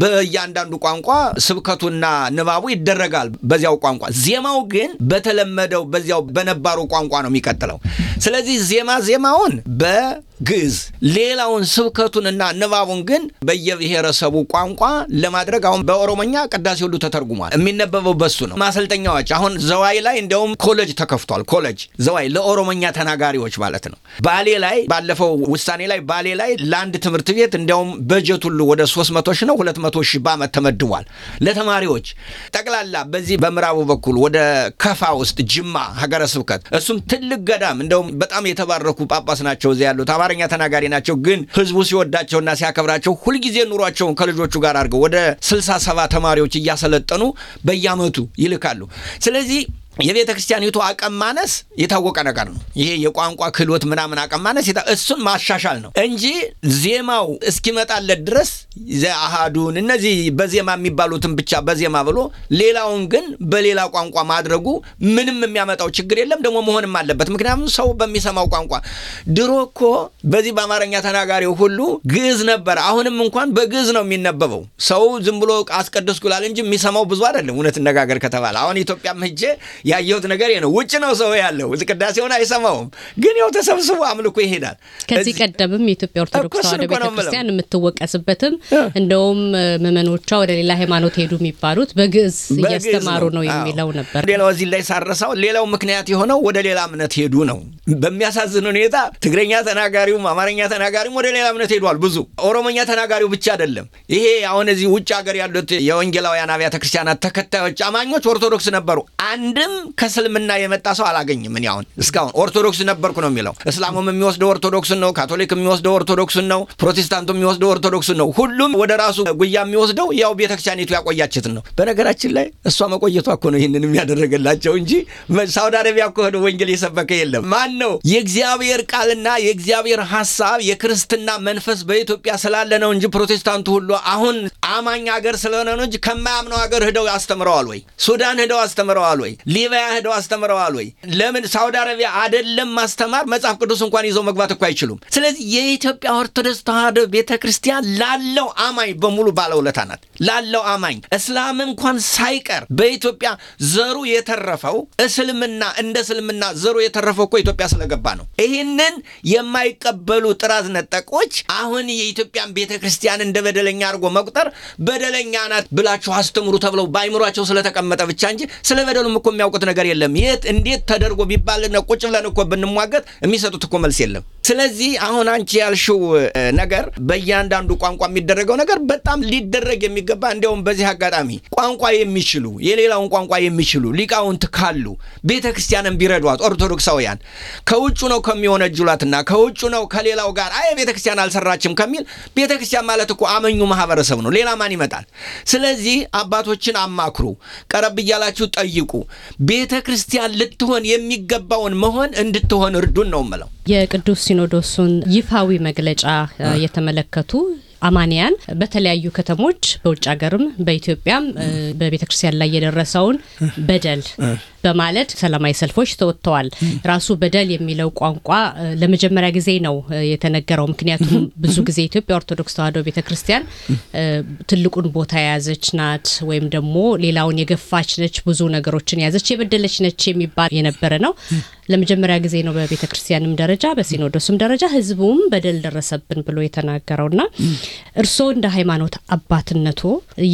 በእያንዳንዱ ቋንቋ ስብከቱና ንባቡ ይደረጋል በዚያው ቋንቋ። ዜማው ግን በተለመደው በዚያው በነባሩ ቋንቋ ነው የሚቀጥለው። ስለዚህ ዜማ ዜማውን በግዕዝ ሌላውን ስብከቱንና ንባቡን ግን በየብሔረሰቡ ቋንቋ ለማድረግ አሁን በኦሮሞኛ ቅዳሴ ሁሉ ተተርጉሟል። የሚነበበው በሱ ነው። ማሰልጠኛዎች አሁን ዘዋይ ላይ እንዲያውም ኮሌጅ ተከፍቷል። ኮሌጅ ዘዋይ ለኦሮሞኛ ተናጋሪዎች ማለት ነው። ባሌ ላይ ባለፈው ውሳኔ ላይ ባሌ ላይ ለአንድ ትምህርት ቤት እንዲያውም በጀት ሁሉ ወደ 300 ሺህ ነው 200 ሺህ በዓመት ተመድቧል ለተማሪዎች ጠቅላላ በዚህ በምዕራቡ በኩል ወደ ከፋ ውስጥ ጅማ ሀገረ ስብከት እሱም ትልቅ ገዳም እንደውም በጣም የተባረኩ ጳጳስ ናቸው እዚያ ያሉት፣ አማርኛ ተናጋሪ ናቸው። ግን ህዝቡ ሲወዳቸውና ሲያከብራቸው ሁልጊዜ ኑሯቸውን ከልጆቹ ጋር አድርገው ወደ ስልሳ ሰባ ተማሪዎች እያሰለጠኑ በየአመቱ ይልካሉ። ስለዚህ የቤተ ክርስቲያኒቱ አቅም ማነስ የታወቀ ነገር ነው። ይሄ የቋንቋ ክህሎት ምናምን አቅም ማነስ እሱን ማሻሻል ነው እንጂ ዜማው እስኪመጣለት ድረስ አሃዱን እነዚህ በዜማ የሚባሉትን ብቻ በዜማ ብሎ ሌላውን ግን በሌላ ቋንቋ ማድረጉ ምንም የሚያመጣው ችግር የለም፣ ደግሞ መሆንም አለበት። ምክንያቱም ሰው በሚሰማው ቋንቋ ድሮ እኮ በዚህ በአማርኛ ተናጋሪው ሁሉ ግዕዝ ነበር። አሁንም እንኳን በግዕዝ ነው የሚነበበው። ሰው ዝም ብሎ አስቀደስኩ ይላል እንጂ የሚሰማው ብዙ አይደለም። እውነት እነጋገር ከተባለ አሁን ኢትዮጵያም ሄጄ ያየሁት ነገር ነው። ውጭ ነው ሰው ያለው ቅዳሴውን አይሰማውም፣ ግን ያው ተሰብስቦ አምልኮ ይሄዳል። ከዚህ ቀደምም የኢትዮጵያ ኦርቶዶክስ ተዋህዶ ቤተክርስቲያን የምትወቀስበትም እንደውም ምዕመኖቿ ወደ ሌላ ሃይማኖት ሄዱ የሚባሉት በግዕዝ እያስተማሩ ነው የሚለው ነበር። ሌላው እዚህ ላይ ሳረሳው ሌላው ምክንያት የሆነው ወደ ሌላ እምነት ሄዱ ነው። በሚያሳዝን ሁኔታ ትግረኛ ተናጋሪውም አማርኛ ተናጋሪውም ወደ ሌላ እምነት ሄዷል። ብዙ ኦሮሞኛ ተናጋሪው ብቻ አይደለም። ይሄ አሁን እዚህ ውጭ ሀገር ያሉት የወንጌላውያን አብያተ ክርስቲያናት ተከታዮች አማኞች ኦርቶዶክስ ነበሩ አንድም ከእስልምና የመጣ ሰው አላገኝም። እኔ አሁን እስካሁን ኦርቶዶክስ ነበርኩ ነው የሚለው። እስላሙም የሚወስደው ኦርቶዶክስን ነው፣ ካቶሊክ የሚወስደው ኦርቶዶክስን ነው፣ ፕሮቴስታንቱ የሚወስደው ኦርቶዶክስን ነው። ሁሉም ወደ ራሱ ጉያ የሚወስደው ያው ቤተክርስቲያኒቱ ያቆያችትን ነው። በነገራችን ላይ እሷ መቆየቷ እኮ ነው ይህንን የሚያደረገላቸው እንጂ ሳውዲ አረቢያ እኮ ሄዶ ወንጌል የሰበከ የለም። ማን ነው? የእግዚአብሔር ቃልና የእግዚአብሔር ሀሳብ የክርስትና መንፈስ በኢትዮጵያ ስላለ ነው እንጂ ፕሮቴስታንቱ ሁሉ አሁን አማኝ ሀገር ስለሆነ ነው እንጂ ከማያምነው ሀገር ሄደው አስተምረዋል ወይ? ሱዳን ሄደው አስተምረዋል ወይ? በሊባያ ሄደው አስተምረዋል ወይ? ለምን ሳውዲ አረቢያ አደለም ማስተማር መጽሐፍ ቅዱስ እንኳን ይዘው መግባት እኮ አይችሉም። ስለዚህ የኢትዮጵያ ኦርቶዶክስ ተዋህዶ ቤተ ክርስቲያን ላለው አማኝ በሙሉ ባለውለታ ናት። ላለው አማኝ እስላም እንኳን ሳይቀር በኢትዮጵያ ዘሩ የተረፈው እስልምና እንደ እስልምና ዘሩ የተረፈው እኮ ኢትዮጵያ ስለገባ ነው። ይህንን የማይቀበሉ ጥራዝ ነጠቆች አሁን የኢትዮጵያን ቤተ ክርስቲያን እንደ በደለኛ አድርጎ መቁጠር በደለኛ ናት ብላችሁ አስተምሩ ተብለው በአይምሯቸው ስለተቀመጠ ብቻ እንጂ ስለ በደሉም እኮ የሚያውቁት ነገር የለም። የት እንዴት ተደርጎ ቢባል ቁጭ ብለን እኮ ብንሟገት የሚሰጡት እኮ መልስ የለም። ስለዚህ አሁን አንቺ ያልሽው ነገር በእያንዳንዱ ቋንቋ የሚደረገው ነገር በጣም ሊደረግ የሚገባ እንዲያውም በዚህ አጋጣሚ ቋንቋ የሚችሉ የሌላውን ቋንቋ የሚችሉ ሊቃውንት ካሉ ቤተ ክርስቲያንን ቢረዷት ኦርቶዶክሳውያን ከውጩ ነው ከሚወነጅሏትና ከውጩ ነው ከሌላው ጋር አይ ቤተ ክርስቲያን አልሰራችም ከሚል ቤተ ክርስቲያን ማለት እኮ አመኙ ማህበረሰብ ነው። ሌላ ማን ይመጣል? ስለዚህ አባቶችን አማክሩ፣ ቀረብ እያላችሁ ጠይቁ። ቤተ ክርስቲያን ልትሆን የሚገባውን መሆን እንድትሆን እርዱን ነው የምለው። የቅዱስ የሲኖዶሱን ይፋዊ መግለጫ የተመለከቱ አማንያን በተለያዩ ከተሞች በውጭ ሀገርም በኢትዮጵያም በቤተክርስቲያን ላይ የደረሰውን በደል በማለት ሰላማዊ ሰልፎች ተወጥተዋል። ራሱ በደል የሚለው ቋንቋ ለመጀመሪያ ጊዜ ነው የተነገረው። ምክንያቱም ብዙ ጊዜ ኢትዮጵያ ኦርቶዶክስ ተዋሕዶ ቤተ ክርስቲያን ትልቁን ቦታ የያዘች ናት፣ ወይም ደግሞ ሌላውን የገፋች ነች፣ ብዙ ነገሮችን የያዘች የበደለች ነች የሚባል የነበረ ነው። ለመጀመሪያ ጊዜ ነው በቤተ ክርስቲያንም ደረጃ በሲኖዶስም ደረጃ ህዝቡም በደል ደረሰብን ብሎ ና እርስዎ እንደ ሃይማኖት አባትነቶ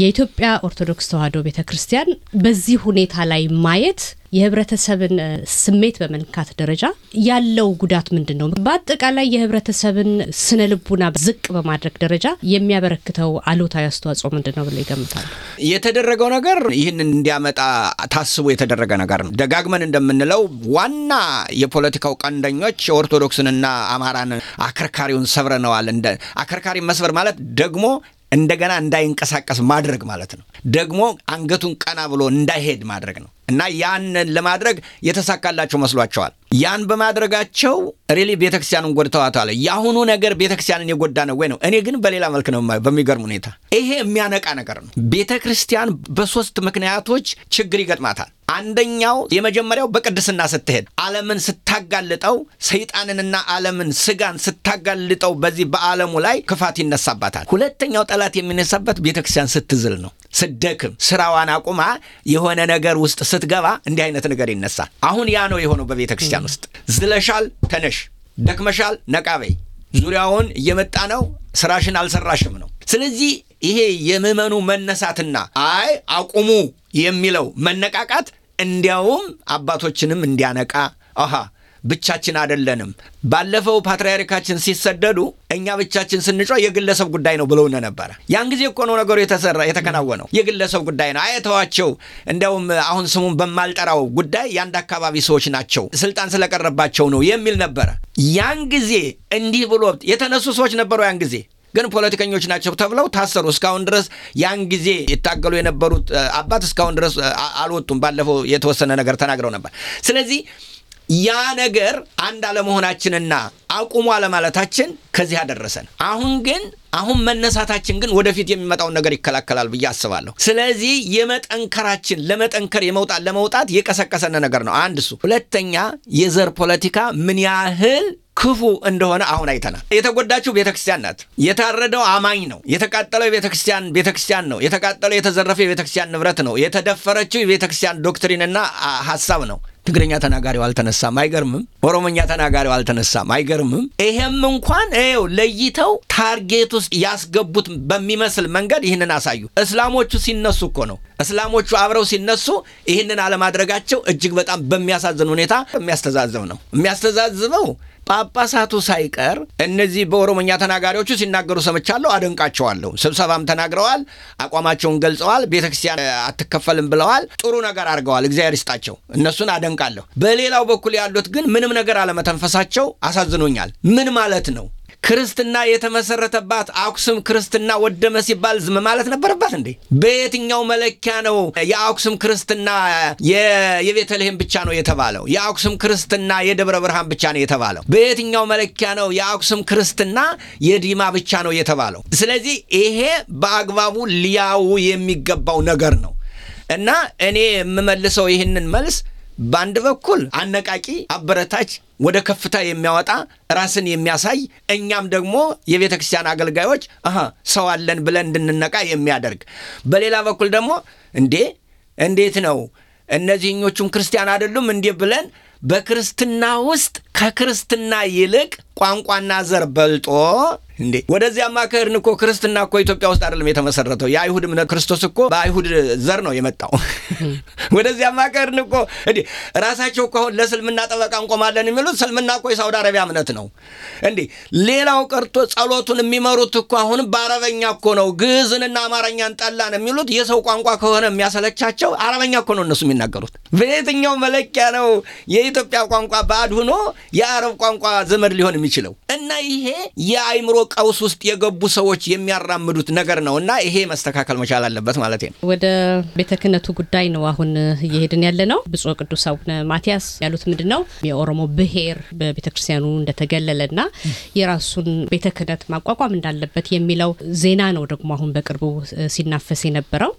የኢትዮጵያ ኦርቶዶክስ ተዋሕዶ ቤተ ክርስቲያን በዚህ ሁኔታ ላይ ማየት የህብረተሰብን ስሜት በመንካት ደረጃ ያለው ጉዳት ምንድን ነው? በአጠቃላይ የህብረተሰብን ስነ ልቡና ዝቅ በማድረግ ደረጃ የሚያበረክተው አሉታዊ አስተዋጽኦ ምንድን ነው ብሎ ይገምታል? የተደረገው ነገር ይህን እንዲያመጣ ታስቦ የተደረገ ነገር ነው። ደጋግመን እንደምንለው ዋና የፖለቲካው ቀንደኞች ኦርቶዶክስንና አማራን አከርካሪውን ሰብረነዋል። እንደ አከርካሪ መስበር ማለት ደግሞ እንደገና እንዳይንቀሳቀስ ማድረግ ማለት ነው። ደግሞ አንገቱን ቀና ብሎ እንዳይሄድ ማድረግ ነው እና ያንን ለማድረግ የተሳካላቸው መስሏቸዋል። ያን በማድረጋቸው ሪሊ ቤተክርስቲያንን ጎድተዋታል። የአሁኑ ነገር ቤተክርስቲያንን የጎዳ ነው ወይ ነው? እኔ ግን በሌላ መልክ ነው በሚገርም ሁኔታ ይሄ የሚያነቃ ነገር ነው። ቤተክርስቲያን በሶስት ምክንያቶች ችግር ይገጥማታል። አንደኛው የመጀመሪያው በቅድስና ስትሄድ ዓለምን ስታጋልጠው ሰይጣንንና ዓለምን ስጋን ስታጋልጠው በዚህ በዓለሙ ላይ ክፋት ይነሳባታል። ሁለተኛው ጠላት የሚነሳበት ቤተክርስቲያን ስትዝል ነው። ስደክም ስራዋን አቁማ የሆነ ነገር ውስጥ ስትገባ እንዲህ አይነት ነገር ይነሳል። አሁን ያ ነው የሆነው በቤተክርስቲያን ውስጥ። ዝለሻል፣ ተነሽ፣ ደክመሻል፣ ነቃበይ፣ ዙሪያውን እየመጣ ነው፣ ስራሽን አልሰራሽም ነው። ስለዚህ ይሄ የምዕመኑ መነሳትና አይ አቁሙ የሚለው መነቃቃት እንዲያውም አባቶችንም እንዲያነቃ አሃ ብቻችን አደለንም። ባለፈው ፓትርያርካችን ሲሰደዱ እኛ ብቻችን ስንጮ የግለሰብ ጉዳይ ነው ብለውነ ነበረ። ያን ጊዜ እኮ ነው ነገሩ የተሰራ የተከናወነው። የግለሰብ ጉዳይ ነው አየተዋቸው። እንዲያውም አሁን ስሙን በማልጠራው ጉዳይ የአንድ አካባቢ ሰዎች ናቸው፣ ስልጣን ስለቀረባቸው ነው የሚል ነበረ። ያን ጊዜ እንዲህ ብሎ የተነሱ ሰዎች ነበሩ። ያን ጊዜ ግን ፖለቲከኞች ናቸው ተብለው ታሰሩ። እስካሁን ድረስ ያን ጊዜ ይታገሉ የነበሩት አባት እስካሁን ድረስ አልወጡም። ባለፈው የተወሰነ ነገር ተናግረው ነበር። ስለዚህ ያ ነገር አንድ አለመሆናችንና አቁሙ አለማለታችን ከዚህ አደረሰን። አሁን ግን አሁን መነሳታችን ግን ወደፊት የሚመጣውን ነገር ይከላከላል ብዬ አስባለሁ። ስለዚህ የመጠንከራችን ለመጠንከር የመውጣት ለመውጣት የቀሰቀሰን ነገር ነው። አንድ እሱ። ሁለተኛ የዘር ፖለቲካ ምን ያህል ክፉ እንደሆነ አሁን አይተናል። የተጎዳችው ቤተክርስቲያን ናት። የታረደው አማኝ ነው። የተቃጠለው ቤተክርስቲያን ቤተክርስቲያን ነው። የተቃጠለው የተዘረፈ የቤተክርስቲያን ንብረት ነው። የተደፈረችው የቤተክርስቲያን ዶክትሪንና ሀሳብ ነው። ትግረኛ ተናጋሪው አልተነሳም፣ አይገርምም? ኦሮሞኛ ተናጋሪው አልተነሳም፣ አይገርምም? ይሄም እንኳን ው ለይተው ታርጌት ውስጥ ያስገቡት በሚመስል መንገድ ይህንን አሳዩ። እስላሞቹ ሲነሱ እኮ ነው እስላሞቹ አብረው ሲነሱ ይህንን አለማድረጋቸው እጅግ በጣም በሚያሳዝን ሁኔታ የሚያስተዛዝብ ነው። የሚያስተዛዝበው ጳጳሳቱ ሳይቀር እነዚህ በኦሮሞኛ ተናጋሪዎቹ ሲናገሩ ሰምቻለሁ፣ አደንቃቸዋለሁ። ስብሰባም ተናግረዋል፣ አቋማቸውን ገልጸዋል፣ ቤተክርስቲያን አትከፈልም ብለዋል። ጥሩ ነገር አድርገዋል፣ እግዚአብሔር ይስጣቸው። እነሱን አደን አደንቃለሁ። በሌላው በኩል ያሉት ግን ምንም ነገር አለመተንፈሳቸው አሳዝኖኛል። ምን ማለት ነው? ክርስትና የተመሰረተባት አክሱም ክርስትና ወደመ ሲባል ዝም ማለት ነበረባት እንዴ? በየትኛው መለኪያ ነው የአክሱም ክርስትና የቤተልሔም ብቻ ነው የተባለው? የአክሱም ክርስትና የደብረ ብርሃን ብቻ ነው የተባለው? በየትኛው መለኪያ ነው የአክሱም ክርስትና የዲማ ብቻ ነው የተባለው? ስለዚህ ይሄ በአግባቡ ሊያው የሚገባው ነገር ነው እና እኔ የምመልሰው ይህንን መልስ በአንድ በኩል አነቃቂ፣ አበረታች፣ ወደ ከፍታ የሚያወጣ ራስን የሚያሳይ እኛም ደግሞ የቤተ ክርስቲያን አገልጋዮች ሰው አለን ብለን እንድንነቃ የሚያደርግ፣ በሌላ በኩል ደግሞ እንዴ እንዴት ነው እነዚህኞቹም ክርስቲያን አይደሉም እንዴ ብለን በክርስትና ውስጥ ከክርስትና ይልቅ ቋንቋና ዘር በልጦ እንዴ ወደዚያ ማካሄድን እኮ ክርስትና እኮ ኢትዮጵያ ውስጥ አይደለም የተመሰረተው። የአይሁድ እምነት ክርስቶስ እኮ በአይሁድ ዘር ነው የመጣው። ወደዚያ ማካሄድን እኮ እንዴ ራሳቸው እኮ አሁን ለስልምና ጠበቃ እንቆማለን የሚሉት ስልምና እኮ የሳውዲ አረቢያ እምነት ነው። እንዴ ሌላው ቀርቶ ጸሎቱን የሚመሩት እኮ አሁን በአረበኛ እኮ ነው። ግዕዝንና አማርኛን ጠላን የሚሉት የሰው ቋንቋ ከሆነ የሚያሰለቻቸው አረበኛ እኮ ነው እነሱ የሚናገሩት። በየትኛው መለኪያ ነው የኢትዮጵያ ቋንቋ ባዕድ ሆኖ የአረብ ቋንቋ ዘመድ ሊሆን የሚችለው እና ይሄ የአይምሮ ቀውስ ውስጥ የገቡ ሰዎች የሚያራምዱት ነገር ነው እና ይሄ መስተካከል መቻል አለበት ማለት ነው። ወደ ቤተ ክህነቱ ጉዳይ ነው አሁን እየሄድን ያለ ነው። ብፁዕ ቅዱስ አቡነ ማትያስ ያሉት ምንድን ነው የኦሮሞ ብሔር በቤተ ክርስቲያኑ እንደተገለለና የራሱን ቤተ ክህነት ማቋቋም እንዳለበት የሚለው ዜና ነው ደግሞ አሁን በቅርቡ ሲናፈስ የነበረው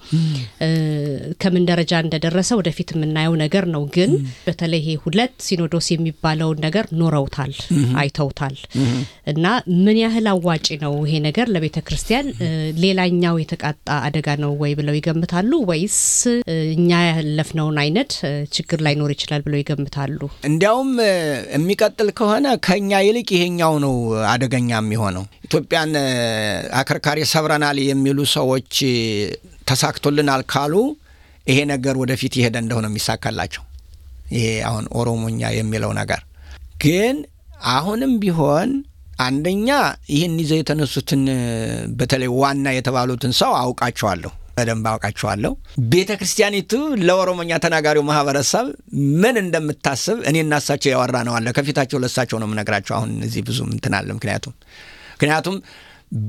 ከምን ደረጃ እንደደረሰ ወደፊት የምናየው ነገር ነው። ግን በተለይ ሁለት ሲኖዶስ የሚባለውን ነገር ኖረውታል፣ አይተውታል ያውቁታል እና ምን ያህል አዋጪ ነው ይሄ ነገር ለቤተ ክርስቲያን ሌላኛው የተቃጣ አደጋ ነው ወይ ብለው ይገምታሉ ወይስ እኛ ያለፍነውን አይነት ችግር ላይኖር ይችላል ብለው ይገምታሉ? እንዲያውም የሚቀጥል ከሆነ ከኛ ይልቅ ይሄኛው ነው አደገኛ የሚሆነው። ኢትዮጵያን አከርካሪ ሰብረናል የሚሉ ሰዎች ተሳክቶልናል ካሉ ይሄ ነገር ወደፊት የሄደ እንደሆነ የሚሳካላቸው ይሄ አሁን ኦሮሞኛ የሚለው ነገር ግን አሁንም ቢሆን አንደኛ ይህን ይዘው የተነሱትን በተለይ ዋና የተባሉትን ሰው አውቃቸዋለሁ በደንብ አውቃቸዋለሁ። ቤተ ክርስቲያኒቱ ለኦሮሞኛ ተናጋሪው ማህበረሰብ ምን እንደምታስብ እኔና እሳቸው ያወራ ነው አለ። ከፊታቸው ለእሳቸው ነው የምነግራቸው። አሁን እዚህ ብዙ እንትን አለ። ምክንያቱም ምክንያቱም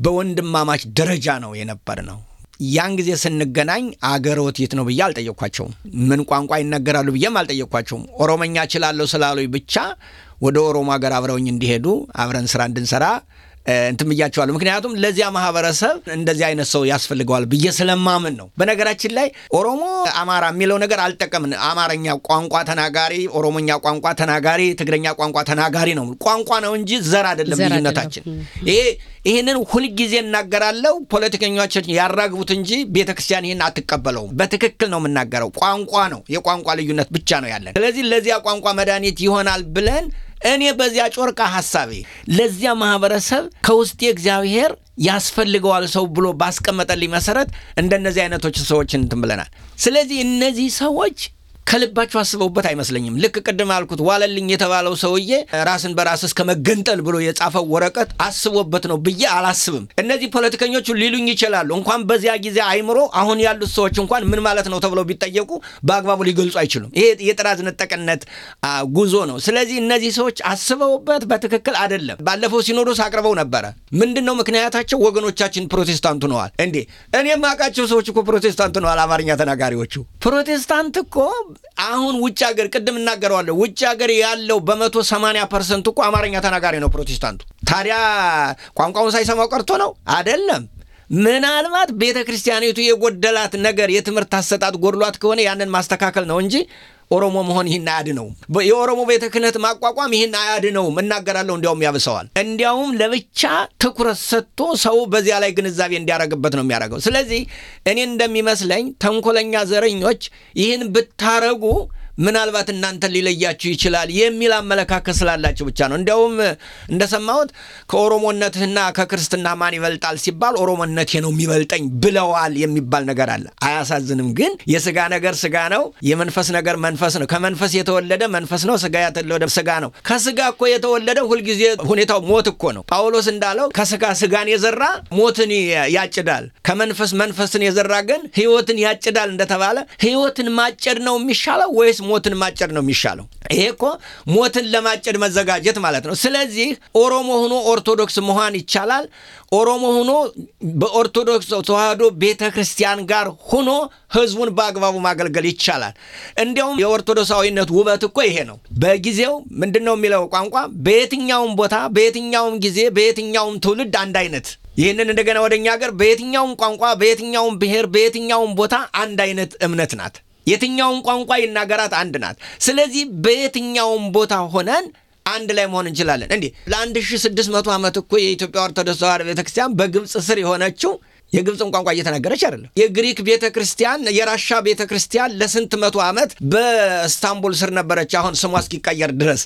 በወንድማማች ደረጃ ነው የነበር ነው። ያን ጊዜ ስንገናኝ አገሮት የት ነው ብዬ አልጠየቅኳቸውም። ምን ቋንቋ ይነገራሉ ብዬም አልጠየቅኳቸውም። ኦሮመኛ እችላለሁ ስላሉኝ ብቻ ወደ ኦሮሞ ሀገር አብረውኝ እንዲሄዱ አብረን ስራ እንድንሰራ እንትን ብያቸዋለሁ። ምክንያቱም ለዚያ ማህበረሰብ እንደዚህ አይነት ሰው ያስፈልገዋል ብዬ ስለማምን ነው። በነገራችን ላይ ኦሮሞ አማራ የሚለው ነገር አልጠቀምን። አማርኛ ቋንቋ ተናጋሪ፣ ኦሮሞኛ ቋንቋ ተናጋሪ፣ ትግረኛ ቋንቋ ተናጋሪ ነው። ቋንቋ ነው እንጂ ዘር አይደለም ልዩነታችን። ይሄ ይህንን ሁልጊዜ እናገራለሁ። ፖለቲከኞች ያራግቡት እንጂ ቤተ ክርስቲያን ይህን አትቀበለውም። በትክክል ነው የምናገረው። ቋንቋ ነው፣ የቋንቋ ልዩነት ብቻ ነው ያለን። ስለዚህ ለዚያ ቋንቋ መድኃኒት ይሆናል ብለን እኔ በዚያ ጮርቃ ሐሳቤ ለዚያ ማህበረሰብ ከውስጤ እግዚአብሔር ያስፈልገዋል ሰው ብሎ ባስቀመጠልኝ መሰረት እንደነዚህ አይነቶች ሰዎች እንትን ብለናል። ስለዚህ እነዚህ ሰዎች ከልባቸው አስበውበት አይመስለኝም። ልክ ቅድም አልኩት ዋለልኝ የተባለው ሰውዬ ራስን በራስ እስከ መገንጠል ብሎ የጻፈው ወረቀት አስቦበት ነው ብዬ አላስብም። እነዚህ ፖለቲከኞቹ ሊሉኝ ይችላሉ። እንኳን በዚያ ጊዜ አይምሮ አሁን ያሉት ሰዎች እንኳን ምን ማለት ነው ተብለው ቢጠየቁ በአግባቡ ሊገልጹ አይችሉም። ይሄ የጥራዝ ነጠቅነት ጉዞ ነው። ስለዚህ እነዚህ ሰዎች አስበውበት በትክክል አይደለም። ባለፈው ሲኖዶስ አቅርበው ነበረ። ምንድን ነው ምክንያታቸው? ወገኖቻችን ፕሮቴስታንቱ ነዋል እንዴ? እኔ የማውቃቸው ሰዎች እኮ ፕሮቴስታንቱ ነዋል፣ አማርኛ ተናጋሪዎቹ ፕሮቴስታንት እኮ አሁን ውጭ ሀገር ቅድም እናገረዋለሁ ውጭ ሀገር ያለው በመቶ ሰማንያ ፐርሰንት እኮ አማርኛ ተናጋሪ ነው ፕሮቴስታንቱ። ታዲያ ቋንቋውን ሳይሰማው ቀርቶ ነው አይደለም። ምናልባት ቤተ ክርስቲያኒቱ የጎደላት ነገር የትምህርት አሰጣጥ ጎድሏት ከሆነ ያንን ማስተካከል ነው እንጂ ኦሮሞ መሆን ይህን አያድነውም። የኦሮሞ ቤተ ክህነት ማቋቋም ይህን አያድነውም። እናገራለሁ፣ እንዲያውም ያብሰዋል። እንዲያውም ለብቻ ትኩረት ሰጥቶ ሰው በዚያ ላይ ግንዛቤ እንዲያደርግበት ነው የሚያደርገው። ስለዚህ እኔ እንደሚመስለኝ ተንኮለኛ ዘረኞች ይህን ብታረጉ ምናልባት እናንተን ሊለያችሁ ይችላል የሚል አመለካከት ስላላቸው ብቻ ነው። እንዲያውም እንደሰማሁት ከኦሮሞነትህና ከክርስትና ማን ይበልጣል ሲባል ኦሮሞነቴ ነው የሚበልጠኝ ብለዋል የሚባል ነገር አለ። አያሳዝንም? ግን የስጋ ነገር ስጋ ነው፣ የመንፈስ ነገር መንፈስ ነው። ከመንፈስ የተወለደ መንፈስ ነው፣ ስጋ የተወለደ ስጋ ነው። ከስጋ እኮ የተወለደ ሁልጊዜ ሁኔታው ሞት እኮ ነው። ጳውሎስ እንዳለው ከስጋ ስጋን የዘራ ሞትን ያጭዳል፣ ከመንፈስ መንፈስን የዘራ ግን ህይወትን ያጭዳል እንደተባለ ህይወትን ማጨድ ነው የሚሻለው ወይስ ሞትን ማጨድ ነው የሚሻለው። ይሄ እኮ ሞትን ለማጨድ መዘጋጀት ማለት ነው። ስለዚህ ኦሮሞ ሆኖ ኦርቶዶክስ መሆን ይቻላል። ኦሮሞ ሆኖ በኦርቶዶክስ ተዋህዶ ቤተ ክርስቲያን ጋር ሆኖ ህዝቡን በአግባቡ ማገልገል ይቻላል። እንዲያውም የኦርቶዶክሳዊነት ውበት እኮ ይሄ ነው። በጊዜው ምንድን ነው የሚለው ቋንቋ በየትኛውም ቦታ በየትኛውም ጊዜ በየትኛውም ትውልድ አንድ አይነት ይህንን እንደገና ወደ እኛ ሀገር በየትኛውም ቋንቋ በየትኛውም ብሔር በየትኛውም ቦታ አንድ አይነት እምነት ናት። የትኛውን ቋንቋ ይናገራት አንድ ናት። ስለዚህ በየትኛውም ቦታ ሆነን አንድ ላይ መሆን እንችላለን። እንዲህ ለ1600 ዓመት እኮ የኢትዮጵያ ኦርቶዶክስ ተዋሕዶ ቤተክርስቲያን በግብፅ ስር የሆነችው የግብፅን ቋንቋ እየተናገረች አይደለም። የግሪክ ቤተ ክርስቲያን፣ የራሻ ቤተ ክርስቲያን ለስንት መቶ ዓመት በእስታንቡል ስር ነበረች፣ አሁን ስሟ እስኪቀየር ድረስ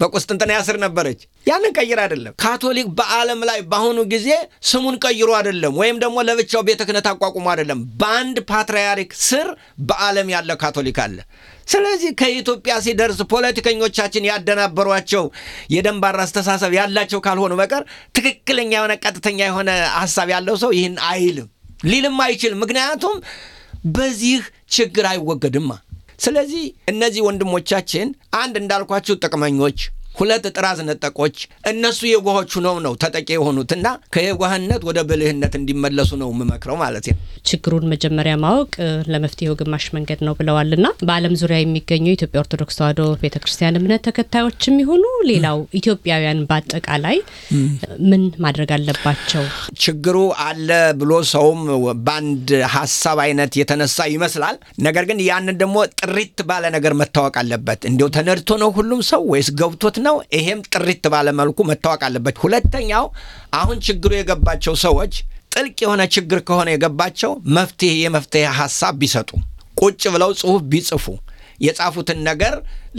በቁስጥንጥንያ ስር ነበረች። ያንን ቀይር አይደለም ካቶሊክ በዓለም ላይ በአሁኑ ጊዜ ስሙን ቀይሮ አይደለም ወይም ደግሞ ለብቻው ቤተ ክህነት አቋቁሞ አይደለም። በአንድ ፓትርያርክ ስር በዓለም ያለ ካቶሊክ አለ። ስለዚህ ከኢትዮጵያ ሲደርስ ፖለቲከኞቻችን ያደናበሯቸው የደንባራ አስተሳሰብ ያላቸው ካልሆኑ በቀር ትክክለኛ የሆነ ቀጥተኛ የሆነ ሀሳብ ያለው ሰው ይህን አይልም፣ ሊልም አይችልም። ምክንያቱም በዚህ ችግር አይወገድማ። ስለዚህ እነዚህ ወንድሞቻችን አንድ እንዳልኳችሁ ጥቅመኞች ሁለት ጥራዝ ነጠቆች እነሱ የዋሆች ሁነው ነው ተጠቂ የሆኑትና ከየጓህነት ወደ ብልህነት እንዲመለሱ ነው የምመክረው ማለት ነው። ችግሩን መጀመሪያ ማወቅ ለመፍትሄው ግማሽ መንገድ ነው ብለዋልና በዓለም ዙሪያ የሚገኙ ኢትዮጵያ ኦርቶዶክስ ተዋህዶ ቤተክርስቲያን እምነት ተከታዮች የሚሆኑ ሌላው ኢትዮጵያውያን በአጠቃላይ ምን ማድረግ አለባቸው? ችግሩ አለ ብሎ ሰውም በአንድ ሀሳብ አይነት የተነሳ ይመስላል። ነገር ግን ያንን ደግሞ ጥሪት ባለ ነገር መታወቅ አለበት። እንዲው ተነድቶ ነው ሁሉም ሰው ወይስ ገብቶት ነው። ይሄም ጥሪት ባለ መልኩ መታወቅ አለበት። ሁለተኛው አሁን ችግሩ የገባቸው ሰዎች ጥልቅ የሆነ ችግር ከሆነ የገባቸው መፍትሄ የመፍትሄ ሀሳብ ቢሰጡ ቁጭ ብለው ጽሁፍ ቢጽፉ የጻፉትን ነገር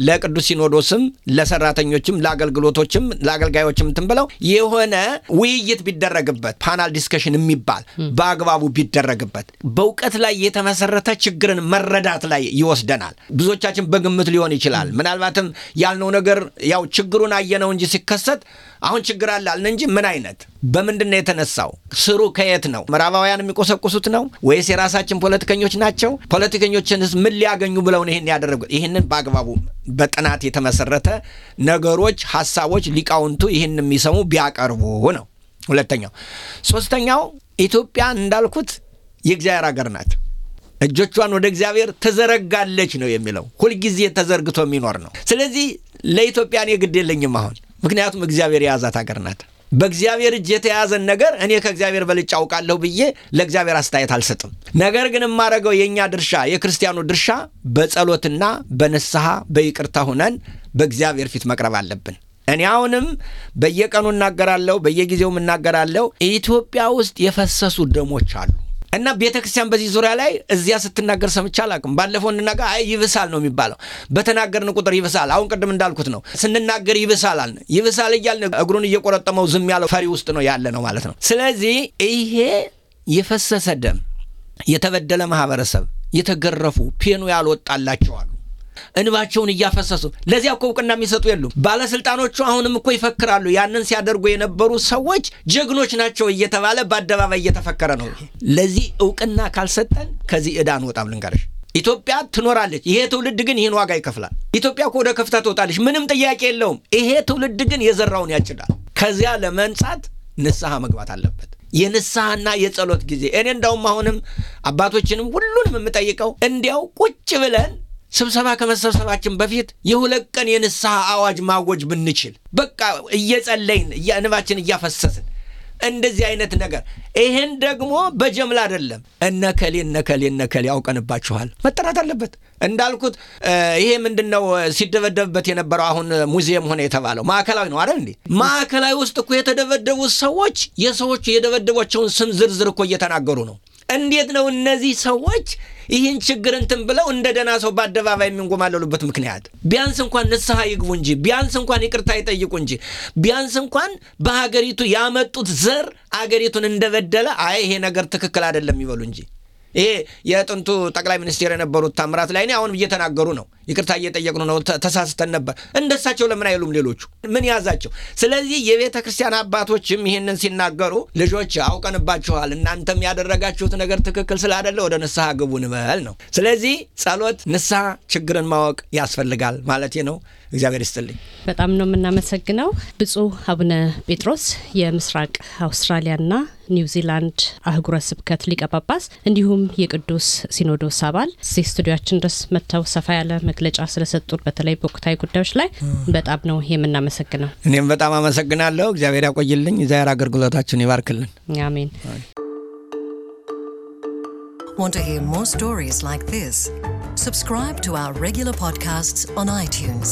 ለቅዱስ ሲኖዶስም ለሰራተኞችም ለአገልግሎቶችም ለአገልጋዮችም እንትን ብለው የሆነ ውይይት ቢደረግበት ፓናል ዲስከሽን የሚባል በአግባቡ ቢደረግበት በእውቀት ላይ የተመሰረተ ችግርን መረዳት ላይ ይወስደናል። ብዙዎቻችን በግምት ሊሆን ይችላል። ምናልባትም ያልነው ነገር ያው ችግሩን አየነው እንጂ ሲከሰት አሁን ችግር አለ አልን እንጂ ምን አይነት በምንድን ነው የተነሳው? ስሩ ከየት ነው? ምዕራባውያን የሚቆሰቁሱት ነው ወይስ የራሳችን ፖለቲከኞች ናቸው? ፖለቲከኞችንስ ምን ሊያገኙ ብለውን ይህን ያደ ያደረጉት። ይህንን በአግባቡ በጥናት የተመሰረተ ነገሮች፣ ሀሳቦች ሊቃውንቱ ይህን የሚሰሙ ቢያቀርቡ ነው። ሁለተኛው። ሶስተኛው ኢትዮጵያ እንዳልኩት የእግዚአብሔር ሀገር ናት። እጆቿን ወደ እግዚአብሔር ትዘረጋለች ነው የሚለው። ሁልጊዜ ተዘርግቶ የሚኖር ነው። ስለዚህ ኔ ግድ የለኝም አሁን፣ ምክንያቱም እግዚአብሔር የያዛት ሀገር ናት። በእግዚአብሔር እጅ የተያዘን ነገር እኔ ከእግዚአብሔር በልጭ አውቃለሁ ብዬ ለእግዚአብሔር አስተያየት አልሰጥም። ነገር ግን የማደርገው የእኛ ድርሻ የክርስቲያኑ ድርሻ በጸሎትና በንስሐ በይቅርታ ሁነን በእግዚአብሔር ፊት መቅረብ አለብን። እኔ አሁንም በየቀኑ እናገራለሁ፣ በየጊዜው እናገራለሁ። ኢትዮጵያ ውስጥ የፈሰሱ ደሞች አሉ። እና ቤተ ክርስቲያን በዚህ ዙሪያ ላይ እዚያ ስትናገር ሰምቼ አላቅም። ባለፈው እንናገር አይ ይብሳል ነው የሚባለው። በተናገርን ቁጥር ይብሳል። አሁን ቅድም እንዳልኩት ነው ስንናገር ይብሳል አልን። ይብሳል እያልን እግሩን እየቆረጠመው ዝም ያለው ፈሪ ውስጥ ነው ያለ ነው ማለት ነው። ስለዚህ ይሄ የፈሰሰ ደም የተበደለ ማህበረሰብ የተገረፉ ፔኑ ያልወጣላቸዋል እንባቸውን እያፈሰሱ ለዚያ እኮ እውቅና የሚሰጡ የሉም። ባለስልጣኖቹ አሁንም እኮ ይፈክራሉ። ያንን ሲያደርጉ የነበሩ ሰዎች ጀግኖች ናቸው እየተባለ በአደባባይ እየተፈከረ ነው። ለዚህ እውቅና ካልሰጠን ከዚህ እዳ አንወጣም። ልንገርሽ ኢትዮጵያ ትኖራለች። ይሄ ትውልድ ግን ይህን ዋጋ ይከፍላል። ኢትዮጵያ እኮ ወደ ከፍታ ትወጣለች፣ ምንም ጥያቄ የለውም። ይሄ ትውልድ ግን የዘራውን ያጭዳል። ከዚያ ለመንጻት ንስሐ መግባት አለበት። የንስሐና የጸሎት ጊዜ እኔ እንዳውም አሁንም አባቶችንም ሁሉንም የምጠይቀው እንዲያው ቁጭ ብለን ስብሰባ ከመሰብሰባችን በፊት የሁለት ቀን የንስሐ አዋጅ ማወጅ ብንችል፣ በቃ እየጸለይን እንባችን እያፈሰስን እንደዚህ አይነት ነገር። ይህን ደግሞ በጀምላ አይደለም። እነከሌ እነከሌ እነከሌ አውቀንባችኋል መጠራት አለበት። እንዳልኩት ይሄ ምንድን ነው ሲደበደብበት የነበረው አሁን ሙዚየም ሆነ የተባለው ማዕከላዊ ነው አይደል እንዴ? ማዕከላዊ ውስጥ እኮ የተደበደቡት ሰዎች የሰዎቹ የደበደቧቸውን ስም ዝርዝር እኮ እየተናገሩ ነው። እንዴት ነው እነዚህ ሰዎች ይህን ችግር እንትን ብለው እንደ ደህና ሰው በአደባባይ የሚንጎማለሉበት ምክንያት? ቢያንስ እንኳን ንስሐ ይግቡ እንጂ፣ ቢያንስ እንኳን ይቅርታ ይጠይቁ እንጂ፣ ቢያንስ እንኳን በሀገሪቱ ያመጡት ዘር አገሪቱን እንደበደለ አይ ይሄ ነገር ትክክል አይደለም ይበሉ እንጂ። ይሄ የጥንቱ ጠቅላይ ሚኒስቴር የነበሩት ታምራት ላይኔ አሁን እየተናገሩ ነው። ይቅርታ እየጠየቅን ነው፣ ተሳስተን ነበር። እንደሳቸው ለምን አይሉም? ሌሎቹ ምን ያዛቸው? ስለዚህ የቤተ ክርስቲያን አባቶችም ይህንን ሲናገሩ ልጆች አውቀንባችኋል፣ እናንተም ያደረጋችሁት ነገር ትክክል ስላደለ ወደ ንስሐ ግቡ ንበል ነው። ስለዚህ ጸሎት፣ ንስሐ፣ ችግርን ማወቅ ያስፈልጋል ማለት ነው። እግዚአብሔር ይስጥልኝ። በጣም ነው የምናመሰግነው ብፁዕ አቡነ ጴጥሮስ የምስራቅ አውስትራሊያና ኒውዚላንድ አህጉረ ስብከት ሊቀ ጳጳስ እንዲሁም የቅዱስ ሲኖዶስ አባል እዚህ ስቱዲያችን ድረስ መጥተው ሰፋ ያለ መግለጫ ስለሰጡት በተለይ በወቅታዊ ጉዳዮች ላይ በጣም ነው የምናመሰግነው። እኔም በጣም አመሰግናለሁ። እግዚአብሔር ያቆይልኝ። እግዚአብሔር አገልግሎታችን ይባርክልን። አሜን። Want to hear more stories like this? Subscribe to our regular podcasts on iTunes.